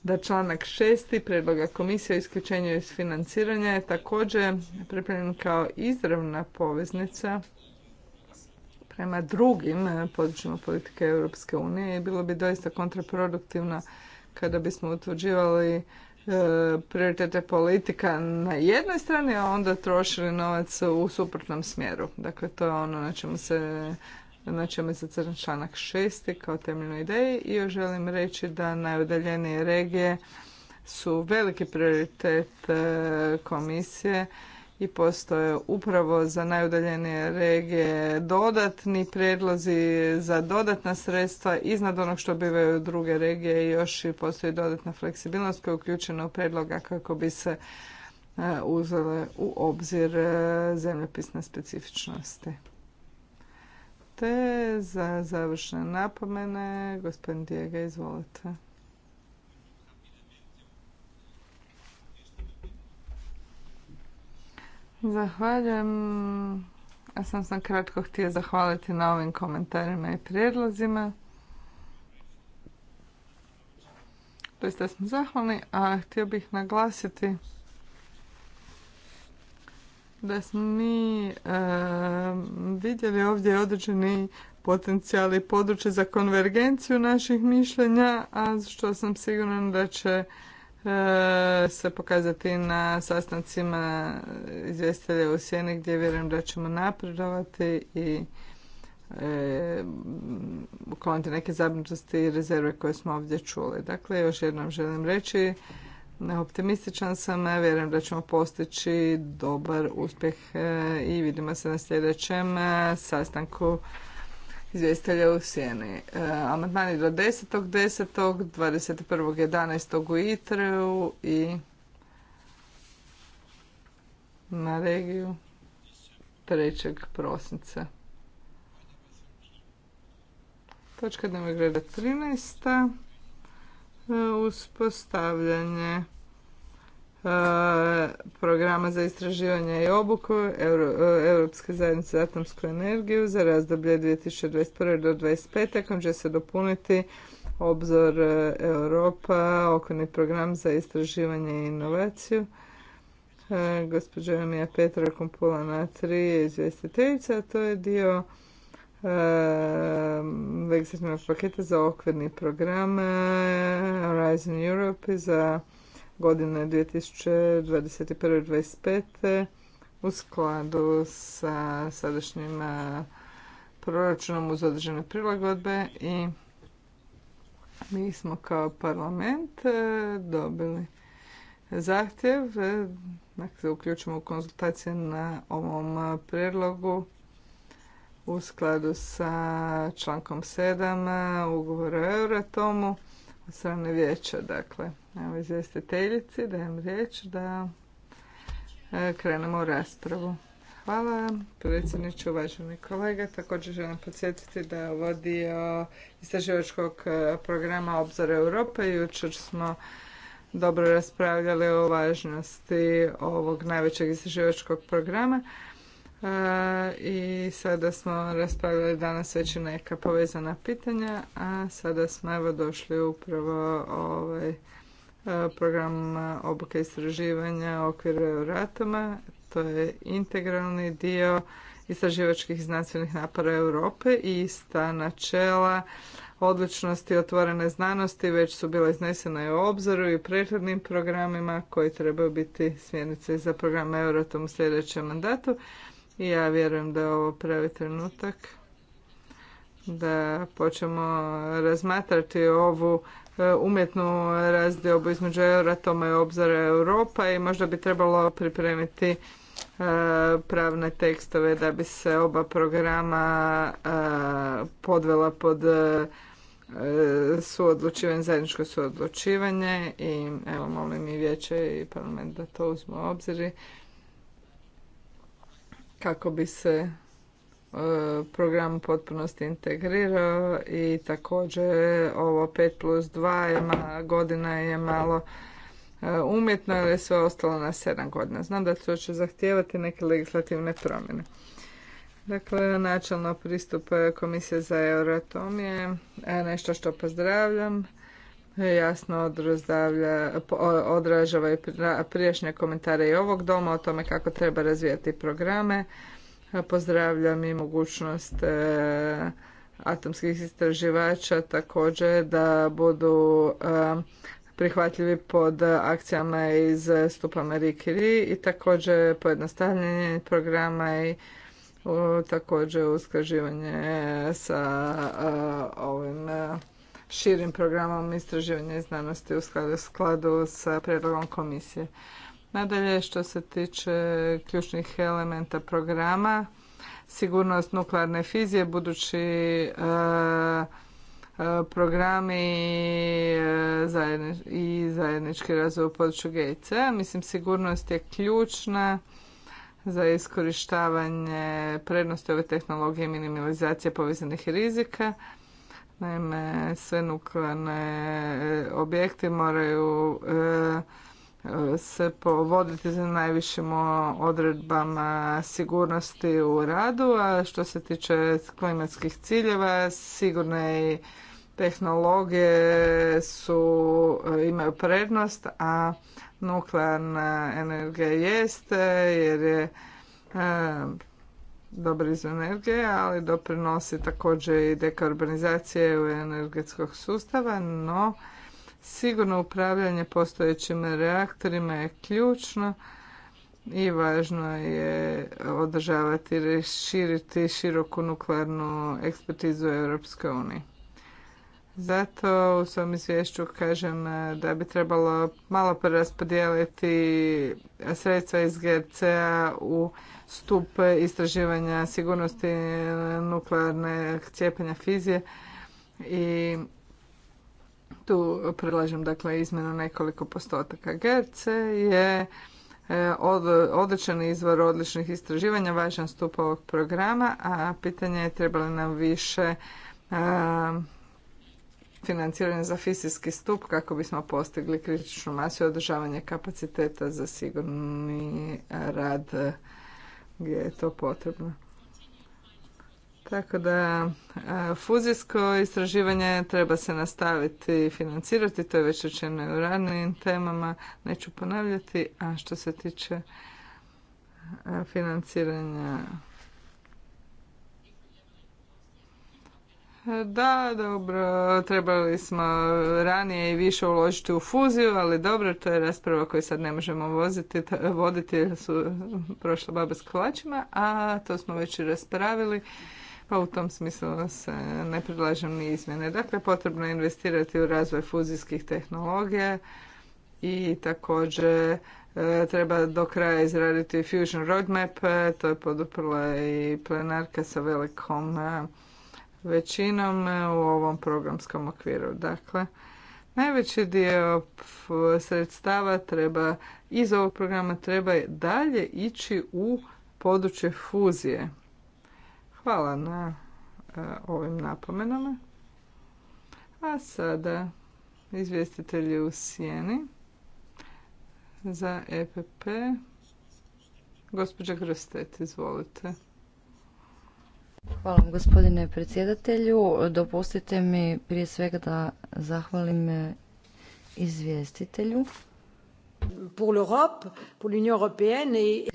da članak 6. predloga komisije o isključenju iz financiranja je također pripremljen kao izravna poveznica prema drugim e, područjima politike Europske unije i bilo bi doista kontraproduktivno kada bismo utvrđivali e, prioritete politika na jednoj strani, a onda trošili novac u suprotnom smjeru. Dakle, to je ono na čemu se na čemu se crni članak šesti kao temeljnoj ideji i još želim reći da najudaljenije regije su veliki prioritet e, komisije i postoje upravo za najudaljenije regije dodatni predlozi za dodatna sredstva iznad onog što bivaju druge regije i još i postoji dodatna fleksibilnost koja je uključena u predloga kako bi se e, uzele u obzir e, zemljopisne specifičnosti. Te za završne napomene, gospodin Dijega, izvolite. Zahvaljujem. Ja sam sam kratko htio zahvaliti na ovim komentarima i prijedlozima. Doista smo zahvalni, a htio bih naglasiti da smo mi eh, vidjeli ovdje određeni potencijal i područje za konvergenciju naših mišljenja, a što sam sigurna da će E, se pokazati na sastancima izvjestitelja u Sjeni gdje vjerujem da ćemo napredovati i e, ukloniti neke zabrinutosti i rezerve koje smo ovdje čuli. Dakle, još jednom želim reći, optimističan sam, e, vjerujem da ćemo postići dobar uspjeh e, i vidimo se na sljedećem sastanku izvjestitelja u sjeni. E, amandmani do 10.10., 21.11. u Itreu i na regiju 3. prosinca. Točka dnevnog reda 13. E, uspostavljanje E, programa za istraživanje i obuku e, Europske zajednice za atomsku energiju za razdoblje 2021. do 2025. kojim će se dopuniti obzor e, Europa, okvirni program za istraživanje i inovaciju. Gospođa Emija Petra Kumpula na tri je izvjestiteljica, a to je dio legislativnog paketa za okvirni program Horizon Europe za godine 2021-2025 u skladu sa sadašnjim eh, proračunom uz određene prilagodbe i mi smo kao parlament eh, dobili zahtjev eh, da se uključimo u konzultacije na ovom prijedlogu u skladu sa člankom 7 ugovora o Euratomu od strane vijeća. Dakle, evo izvjestiteljici dajem riječ da e, krenemo u raspravu. Hvala predsjedniče, uvaženi kolega. Također želim podsjetiti da je ovo dio istraživačkog e, programa Obzor Europe. Jučer smo dobro raspravljali o važnosti ovog najvećeg istraživačkog programa. E, I sada smo raspravljali danas već i neka povezana pitanja, a sada smo evo došli upravo ovaj E, program e, obuke istraživanja okvira ratoma. To je integralni dio istraživačkih znanstvenih napora Europe i ista načela odličnosti otvorene znanosti već su bila iznesena i u obzoru i prethodnim programima koji trebaju biti smjernice za program Euratom u sljedećem mandatu. I ja vjerujem da je ovo pravi trenutak da počnemo razmatrati ovu E, umjetnu razdiobu između Euratoma i obzora Europa i možda bi trebalo pripremiti e, pravne tekstove da bi se oba programa e, podvela pod suodlučivanje, zajedničko suodlučivanje i evo molim i vijeće i parlament da to uzmu u obziri kako bi se E, program potpunosti integrirao i također ovo 5 plus 2 je godina je malo e, umjetno ali je sve ostalo na 7 godina. Znam da to će zahtijevati neke legislativne promjene. Dakle, načelno pristup e, Komisije za Euroatomije. je nešto što pozdravljam. Jasno odražava i prijašnje komentare i ovog doma o tome kako treba razvijati programe Pozdravljam i mogućnost e, atomskih istraživača također da budu e, prihvatljivi pod akcijama iz stupa Marie i također pojednostavljanje programa i također usklađivanje sa e, ovim širim programom istraživanja i znanosti u skladu, skladu sa predlogom komisije. Nadalje, što se tiče ključnih elementa programa, sigurnost nuklearne fizije, budući e, e, programi e, i zajednički razvoj u području GIC. Mislim, sigurnost je ključna za iskorištavanje prednosti ove tehnologije i minimalizacije povezanih rizika. Naime, sve nuklearne objekti moraju se povoditi za najvišim odredbama sigurnosti u radu, a što se tiče klimatskih ciljeva, sigurne tehnologije su, imaju prednost, a nuklearna energija jeste jer je e, dobar iz energije, ali doprinosi također i dekarbonizacije energetskog sustava, no Sigurno upravljanje postojećim reaktorima je ključno i važno je održavati i širiti široku nuklearnu ekspertizu Europske unije. Zato u svom izvješću kažem da bi trebalo malo preraspodijeliti sredstva iz GRC-a u stup istraživanja sigurnosti nuklearne cijepanja fizije i tu predlažem dakle izmjenu nekoliko postotaka. GRC je e, odličan izvor odličnih istraživanja, važan stup ovog programa, a pitanje je trebali nam više e, financiranje za fizijski stup kako bismo postigli kritičnu masu i održavanje kapaciteta za sigurni rad gdje je to potrebno. Tako da e, fuzijsko istraživanje treba se nastaviti i financirati, to je već rečeno u ranijim temama, neću ponavljati, a što se tiče e, financiranja Da, dobro, trebali smo ranije i više uložiti u fuziju, ali dobro, to je rasprava koju sad ne možemo voziti, voditi, su prošla babe s kolačima, a to smo već i raspravili pa u tom smislu se ne predlažem ni izmjene. Dakle, potrebno je investirati u razvoj fuzijskih tehnologija i također e, treba do kraja izraditi Fusion Roadmap, e, to je poduprla i plenarka sa velikom e, većinom u ovom programskom okviru. Dakle, najveći dio sredstava treba iz ovog programa treba dalje ići u područje fuzije. Hvala na e, ovim napomenama. A sada izvjestitelji u sjeni za EPP. Gospođa Grostet, izvolite. Hvala gospodine predsjedatelju. Dopustite mi prije svega da zahvalim e, izvjestitelju pour l'Europe, pour l'Union européenne et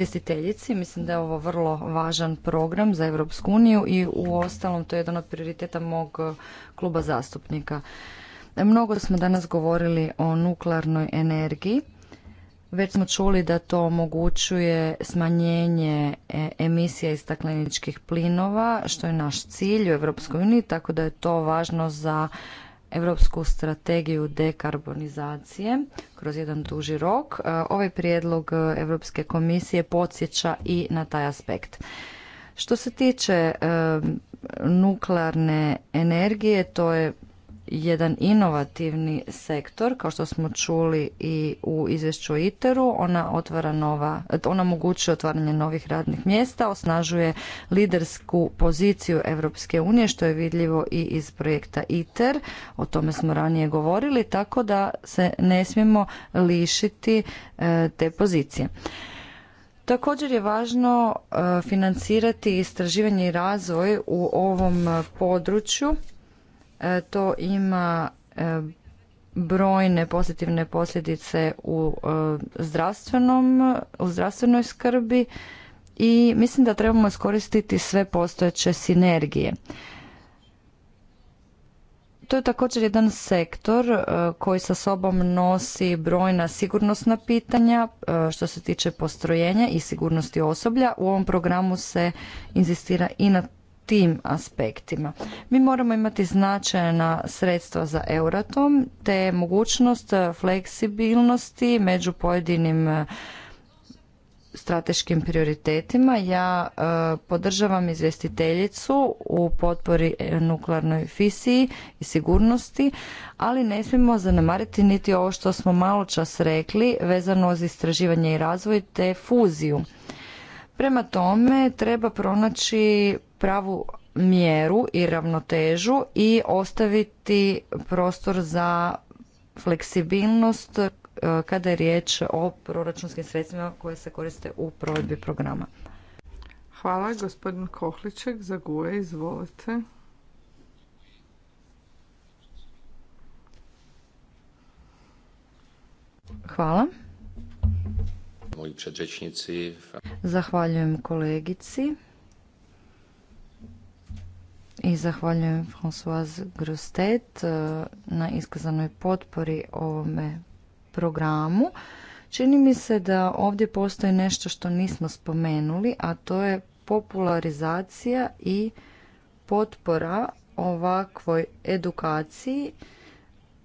mislim da je ovo vrlo važan program za Europsku uniju i u ostalom to je jedan od prioriteta mog eh, kluba zastupnika. E, mnogo smo danas govorili o nuklearnoj energiji. Već smo čuli da to omogućuje smanjenje e, emisija iz stakleničkih plinova, što je naš cilj u Europskoj uniji, tako da je to važno za europsku strategiju dekarbonizacije kroz jedan duži rok. E, ovaj prijedlog Europske komisije podsjeća i na taj aspekt. Što se tiče e, nuklearne energije, to je jedan inovativni sektor, kao što smo čuli i u izvješću o ITER-u. Ona, otvara nova, ona omogućuje otvaranje novih radnih mjesta, osnažuje lidersku poziciju Europske unije, što je vidljivo i iz projekta ITER. O tome smo ranije govorili, tako da se ne smijemo lišiti e, te pozicije. Također je važno e, financirati istraživanje i razvoj u ovom području E, to ima e, brojne pozitivne posljedice u e, zdravstvenom, u zdravstvenoj skrbi i mislim da trebamo iskoristiti sve postojeće sinergije. To je također jedan sektor koji sa sobom nosi brojna sigurnosna pitanja što se tiče postrojenja i sigurnosti osoblja. U ovom programu se inzistira i na tim aspektima. Mi moramo imati značajna sredstva za Euratom te mogućnost fleksibilnosti među pojedinim e, strateškim prioritetima. Ja e, podržavam izvjestiteljicu u potpori e, nuklearnoj fisiji i sigurnosti, ali ne smijemo zanemariti niti ovo što smo malo čas rekli vezano uz istraživanje i razvoj te fuziju. Prema tome treba pronaći pravu mjeru i ravnotežu i ostaviti prostor za fleksibilnost eh, kada je riječ o proračunskim sredstvima koje se koriste u provedbi programa. Hvala, gospodin Kohliček za izvolite. Hvala. Moji Zahvaljujem kolegici i zahvaljujem Françoise Grostet eh, na iskazanoj potpori ovome programu. Čini mi se da ovdje postoji nešto što nismo spomenuli, a to je popularizacija i potpora ovakvoj edukaciji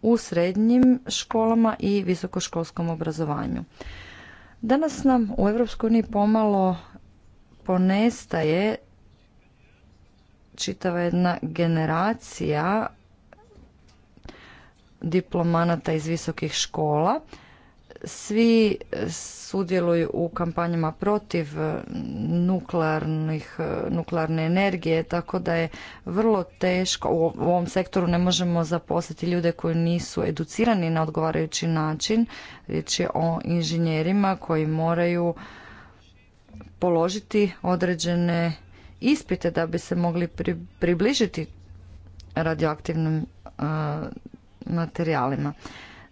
u srednjim školama i visokoškolskom obrazovanju. Danas nam u EU pomalo ponestaje čitava jedna generacija diplomanata iz visokih škola. Svi sudjeluju u kampanjama protiv nuklearnih, nuklearne energije, tako da je vrlo teško, u ovom sektoru ne možemo zaposliti ljude koji nisu educirani na odgovarajući način. Riječ je o inženjerima koji moraju položiti određene ispite da bi se mogli približiti radioaktivnim e, materijalima.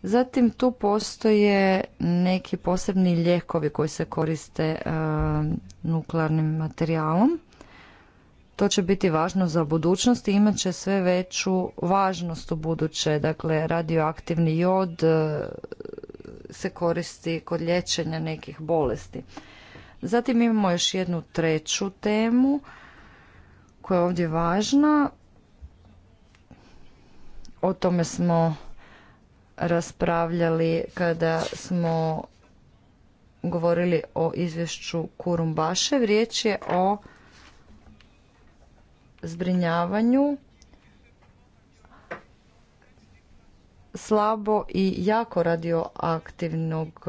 Zatim tu postoje neki posebni lijekovi koji se koriste e, nuklearnim materijalom. To će biti važno za budućnost i imat će sve veću važnost u buduće. Dakle, radioaktivni jod e, se koristi kod liječenja nekih bolesti. Zatim imamo još jednu treću temu koja je ovdje važna. O tome smo raspravljali kada smo govorili o izvješću Kurumbašev. Riječ je o zbrinjavanju slabo i jako radioaktivnog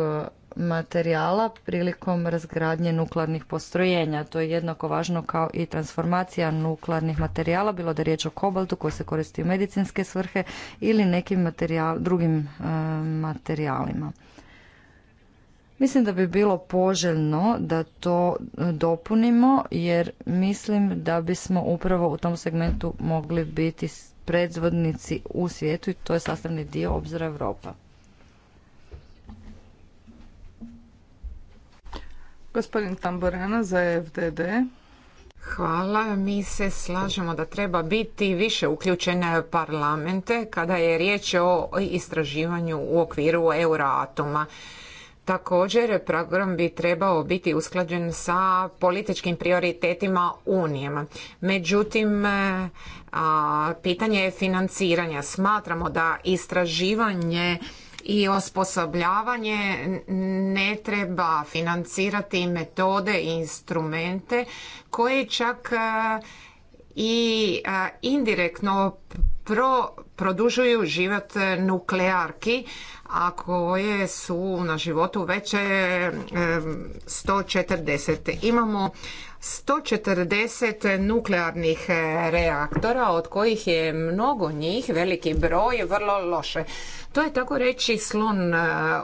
materijala prilikom razgradnje nuklearnih postrojenja. To je jednako važno kao i transformacija nuklearnih materijala, bilo da je riječ o kobaltu koji se koristi u medicinske svrhe ili nekim drugim e, materijalima. Mislim da bi bilo poželjno da to dopunimo jer mislim da bismo upravo u tom segmentu mogli biti predvodnici u svijetu i to je sastavni dio obzira Europa. Gospodin Tamborana za FDD. Hvala. Mi se slažemo da treba biti više uključene parlamente kada je riječ o istraživanju u okviru Euroatoma. Također, program bi trebao biti usklađen sa političkim prioritetima Unijema. Međutim, e, pitanje je financiranja. Smatramo da istraživanje i osposobljavanje ne treba financirati metode i instrumente koji čak e, i e, indirektno produžuju život nuklearki, a koje su na životu već 140. E, Imamo 140 nuklearnih e, reaktora, od kojih je mnogo njih, veliki broj, vrlo loše. To je tako reći slon e,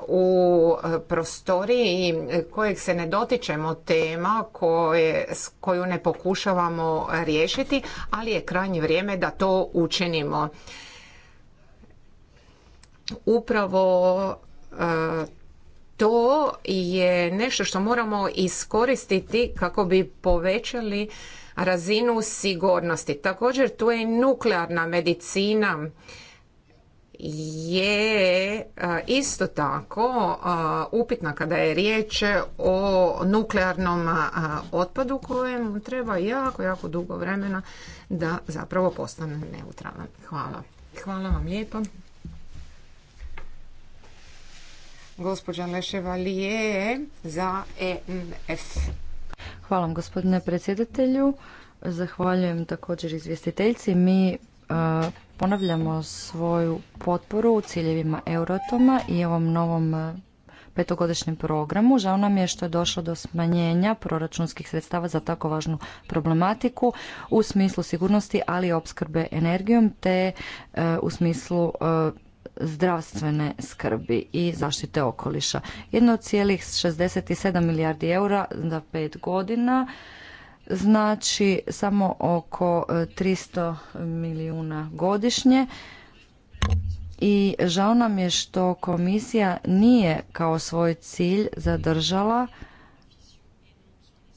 u e, prostoriji kojeg se ne dotičemo tema koje, koju ne pokušavamo riješiti, ali je krajnje vrijeme da to učinimo. Upravo to je nešto što moramo iskoristiti kako bi povećali razinu sigurnosti. Također tu je nuklearna medicina je isto tako upitna kada je riječ o nuklearnom otpadu kojem treba jako, jako dugo vremena da zapravo postane neutralan. Hvala. Hvala vam lijepo. gospođa Lije za ENF. Hvala vam gospodine predsjedatelju. Zahvaljujem također izvjestiteljci. Mi e, ponavljamo svoju potporu u ciljevima Eurotoma i ovom novom e, petogodišnjem programu. Žao nam je što je došlo do smanjenja proračunskih sredstava za tako važnu problematiku u smislu sigurnosti, ali i opskrbe energijom te e, u smislu zdravstvene skrbi i zaštite okoliša. 1,67 milijardi eura za pet godina znači samo oko 300 e, milijuna godišnje i žao nam je što komisija nije kao svoj cilj zadržala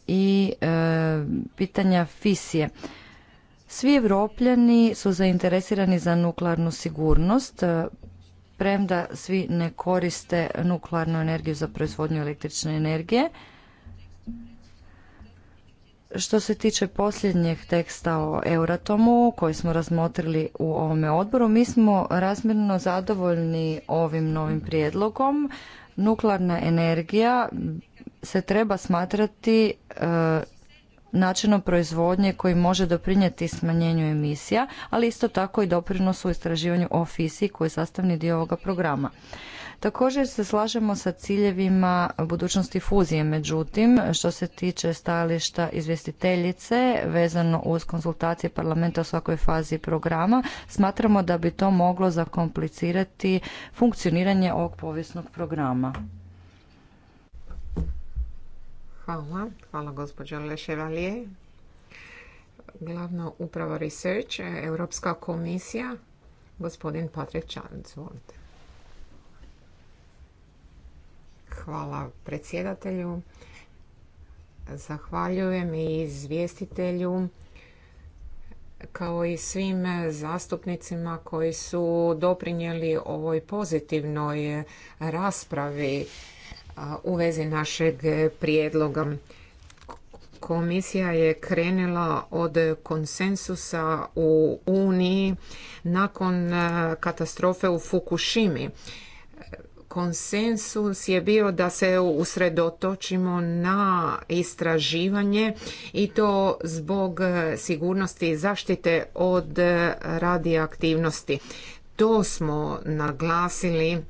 i e, pitanja fisije. Svi Evropljani su zainteresirani za nuklearnu sigurnost, e, premda svi ne koriste nuklearnu energiju za proizvodnju električne energije. Što se tiče posljednjeg teksta o Euratomu koji smo razmotrili u ovome odboru, mi smo razmjerno zadovoljni ovim novim prijedlogom. Nuklearna energija se treba smatrati e, načinom proizvodnje koji može doprinijeti smanjenju emisija, ali isto tako i doprinosu u istraživanju o fisiji koji je sastavni dio ovoga programa. Također se slažemo sa ciljevima budućnosti fuzije, međutim, što se tiče stajališta izvjestiteljice vezano uz konsultacije parlamenta u svakoj fazi programa, smatramo da bi to moglo zakomplicirati funkcioniranje ovog povijesnog programa. Hvala. Hvala gospođo Leševalije. Glavna upravo Research, e, Europska komisija, gospodin Patrik Čan, Hvala predsjedatelju. Zahvaljujem i izvjestitelju kao i svim zastupnicima koji su doprinijeli ovoj pozitivnoj raspravi u vezi našeg prijedloga. Komisija je krenula od konsensusa u Uniji nakon e, katastrofe u Fukushimi. Konsensus je bio da se usredotočimo na istraživanje i to zbog sigurnosti i zaštite od radioaktivnosti. To smo naglasili,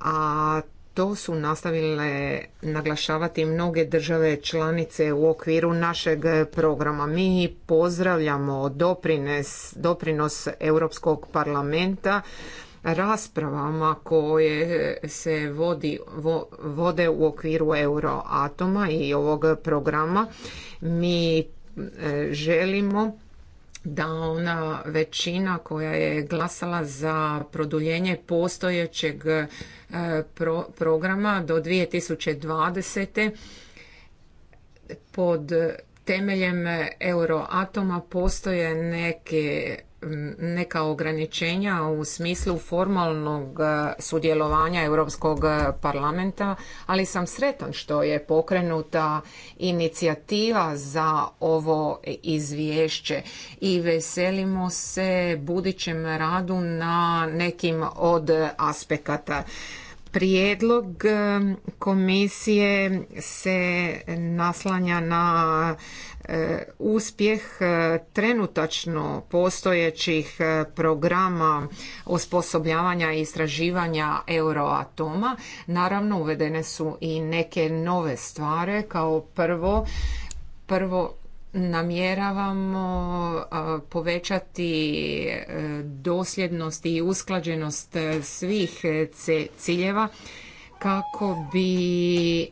a to su nastavile naglašavati mnoge države članice u okviru našeg programa. Mi pozdravljamo doprinos Europskog parlamenta raspravama koje se vodi, vode u okviru Euroatoma i ovog programa. Mi e, želimo da ona većina koja je glasala za produljenje postojećeg e, programa do 2020. pod temeljem Euroatoma postoje neke neka ograničenja u smislu formalnog e, sudjelovanja Europskog e, parlamenta, ali sam sretan što je pokrenuta inicijativa za ovo izvješće i veselimo se budućem radu na nekim od aspekata. Prijedlog e, komisije se naslanja na E, uspjeh e, trenutačno postojećih e, programa osposobljavanja i istraživanja Euroatoma. Naravno, uvedene su i neke nove stvari. Kao prvo, prvo namjeravamo povećati dosljednost i usklađenost svih ciljeva kako bi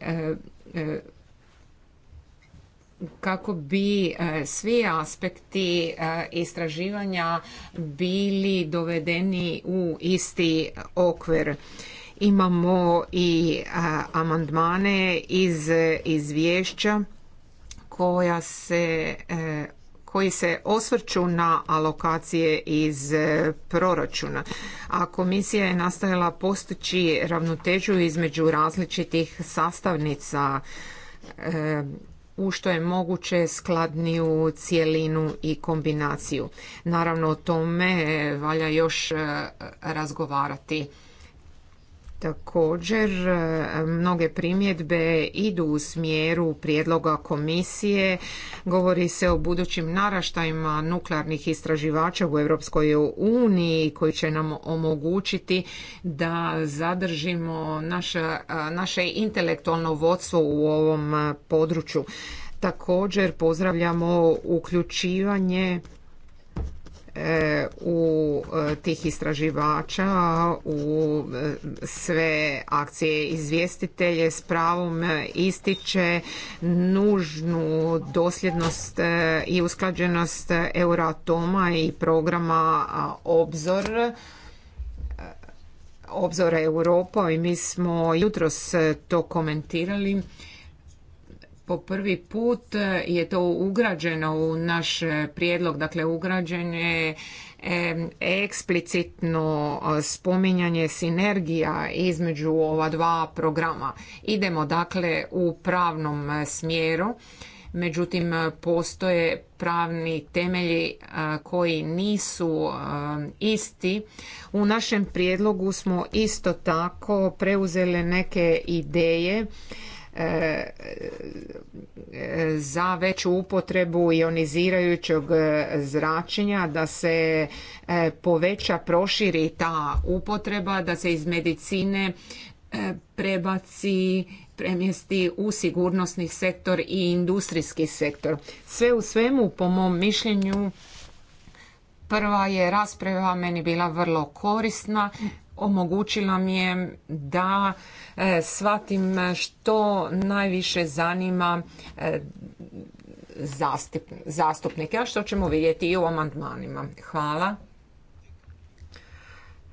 kako bi e, svi aspekti e, istraživanja bili dovedeni u isti okvir. Imamo i e, amandmane iz izvješća koja se koji se osvrću na alokacije iz proračuna. A komisija je nastojala postići ravnotežu između različitih sastavnica u što je moguće skladniju cjelinu i kombinaciju. Naravno o tome valja još e, razgovarati. Također, e, mnoge primjedbe idu u smjeru prijedloga komisije. Govori se o budućim naraštajima nuklearnih istraživača u Europskoj uniji koji će nam omogućiti da zadržimo naše, e, naše intelektualno vodstvo u ovom e, području. Također, pozdravljamo uključivanje u e, tih istraživača u e, sve akcije izvjestitelje s pravom ističe nužnu dosljednost e, i usklađenost Euratoma i programa Obzor Obzor Europa i mi smo jutros to komentirali po prvi put je to ugrađeno u naš prijedlog, dakle ugrađen je eksplicitno spominjanje sinergija između ova dva programa. Idemo dakle u pravnom e, smjeru, međutim e, postoje pravni temelji e, koji nisu isti. U našem prijedlogu smo isto tako preuzele neke ideje za veću upotrebu ionizirajućeg zračenja, da se e, poveća, proširi ta upotreba, da se iz medicine e, prebaci, premjesti u sigurnosni sektor i industrijski sektor. Sve u svemu, po mom mišljenju, prva je rasprava meni bila vrlo korisna Omogućila mi je da e, shvatim što najviše zanima e, zastupnike, a što ćemo vidjeti i u amandmanima. Hvala.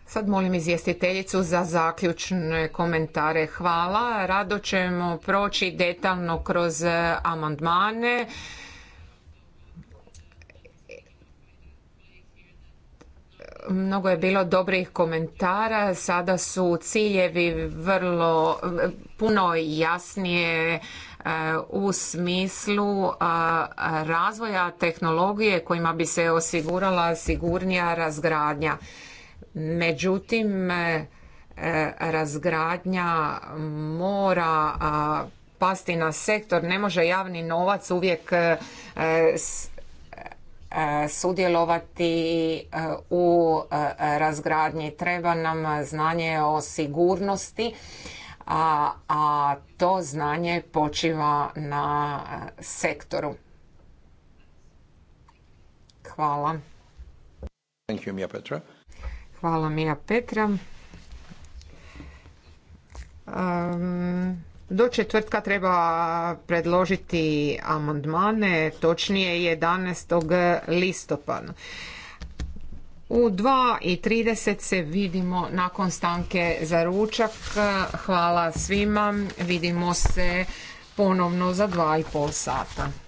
Sad molim izvjestiteljicu za zaključne komentare. Hvala. Rado ćemo proći detaljno kroz e, amandmane. mnogo je bilo dobrih komentara, sada su ciljevi vrlo puno jasnije eh, u smislu eh, razvoja tehnologije kojima bi se osigurala sigurnija razgradnja. Međutim, eh, razgradnja mora pasti na sektor, ne može javni novac uvijek sudjelovati e, u e, razgradnji. Treba nam znanje o sigurnosti, a, a to znanje počiva na e, sektoru. Hvala. Thank Mia Petra. Hvala Mija Petra. Do četvrtka treba predložiti amandmane, točnije 11. listopada. U 2.30 se vidimo nakon stanke za ručak. Hvala svima. Vidimo se ponovno za 2,5 sata.